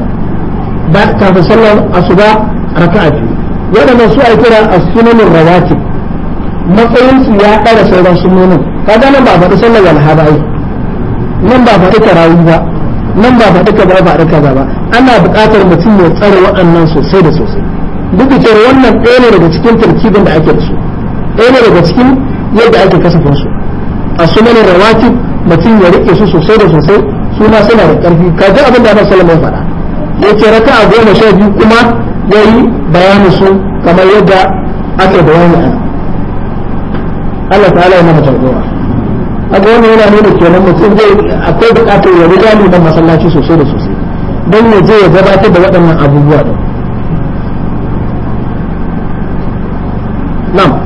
ba kafin sallar asuba raka'a biyu waɗannan su ai kira as-sunanin rawatib matsayin ya ƙara sauran sunonin kaga nan ba faɗi sallar ba nan ba faɗi tarawih ba nan ba faɗi ba ba ana buƙatar mutum ya tsare waɗannan sosai da sosai duk da wannan ɗaya daga cikin tarkibin da ake da su ɗaya daga cikin yadda ake kasafin su a mana rawatib mutum ya rike su sosai da sosai su ma suna da karfi ka ji abin da ya sallallahu ya faɗa ya ce a goma sha biyu kuma ya yi bayanin su kamar yadda aka bayani a Allah ta'ala ya mana jagora a goma yana nuna kenan mutum zai akwai bukatar ya riga liman masallaci sosai da sosai don ya je ya gabatar da waɗannan abubuwa ɗin. Nam.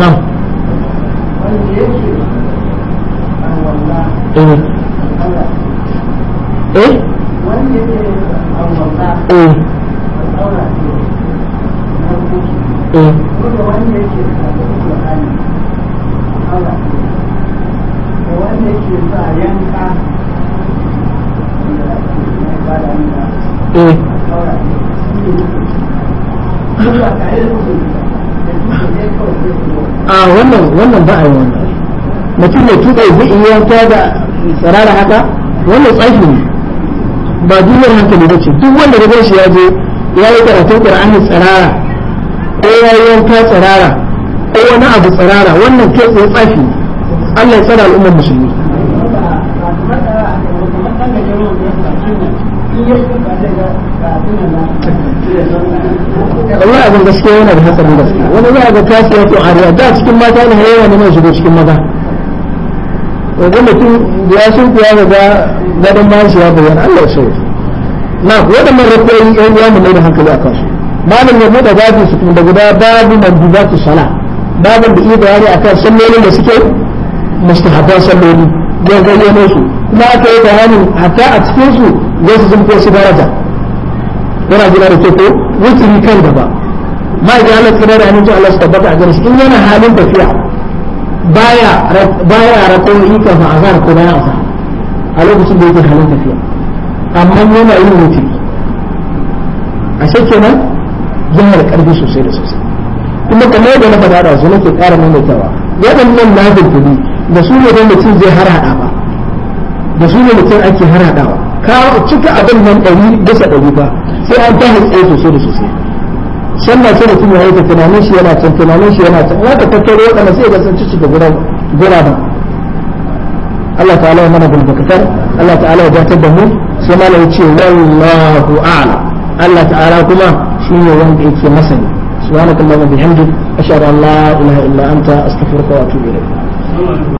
nan eh eh, eh. eh. eh. a wannan wannan ba a yi wannan mutum ne tuka zai iya yanka da tsirara haka wannan tsafi ne ba duniyar hankali ba ce duk wanda da shi ya je ya yi karatun qur'ani tsirara ko ya yi yanka tsirara ko wani abu tsirara wannan kai tsaye tsafi Allah ya tsara al'ummar musulmi in الواحد المسكين هنا بحسب المسكين وانا لاحظة كاسية وحرية داك سكين ما تاني هي وانا ما يشبه سكين ما دا وقال لكم دياسون في هذا دا دا دا ما يشي هذا يعني الله يسوي نعم ودا ما ربي اي اي يوم اللي نحن كلي اقاشي ما لن يبود اداد يسكين بقدا باب مندوبات الصلاة باب بإيد يعني اكاد سميني مسكين مستحبان سميني جاءت لي نوسو ما اكيد هاني حتى اتفيزو جاسزم كيسي بارجا ونعجل على التوتو wuturi kan gaba ma ga Allah tsira da aminci Allah su tabbata a gare shi in yana halin tafiya baya baya ratan yi kafin azhar ko bayan azhar a lokacin da yake halin tafiya amma yana yin wuturi a sai nan yana da karfi sosai da sosai kuma kamar da na faɗa da su nake ƙara maimaitawa waɗannan nafilfili da su ne da mutum zai har haɗa ba da su ne mutum ake har haɗawa ka cika abin nan ɗari bisa ɗari ba sai an ta hatsaye sosai da sosai sallah sai mutum ya yi ta tunanin shi yana can tunanin shi yana can ya ka tattaro waɗanda sai ga sun ci shiga ba Allah ta'ala ya mana gulbakatar Allah ta'ala ya datar da mu sai mana ya ce wallahu a'lam Allah ta'ala kuma shi ne wanda yake masani subhanakallahumma bihamdik ashhadu an la ilaha illa anta astaghfiruka wa atubu ilayk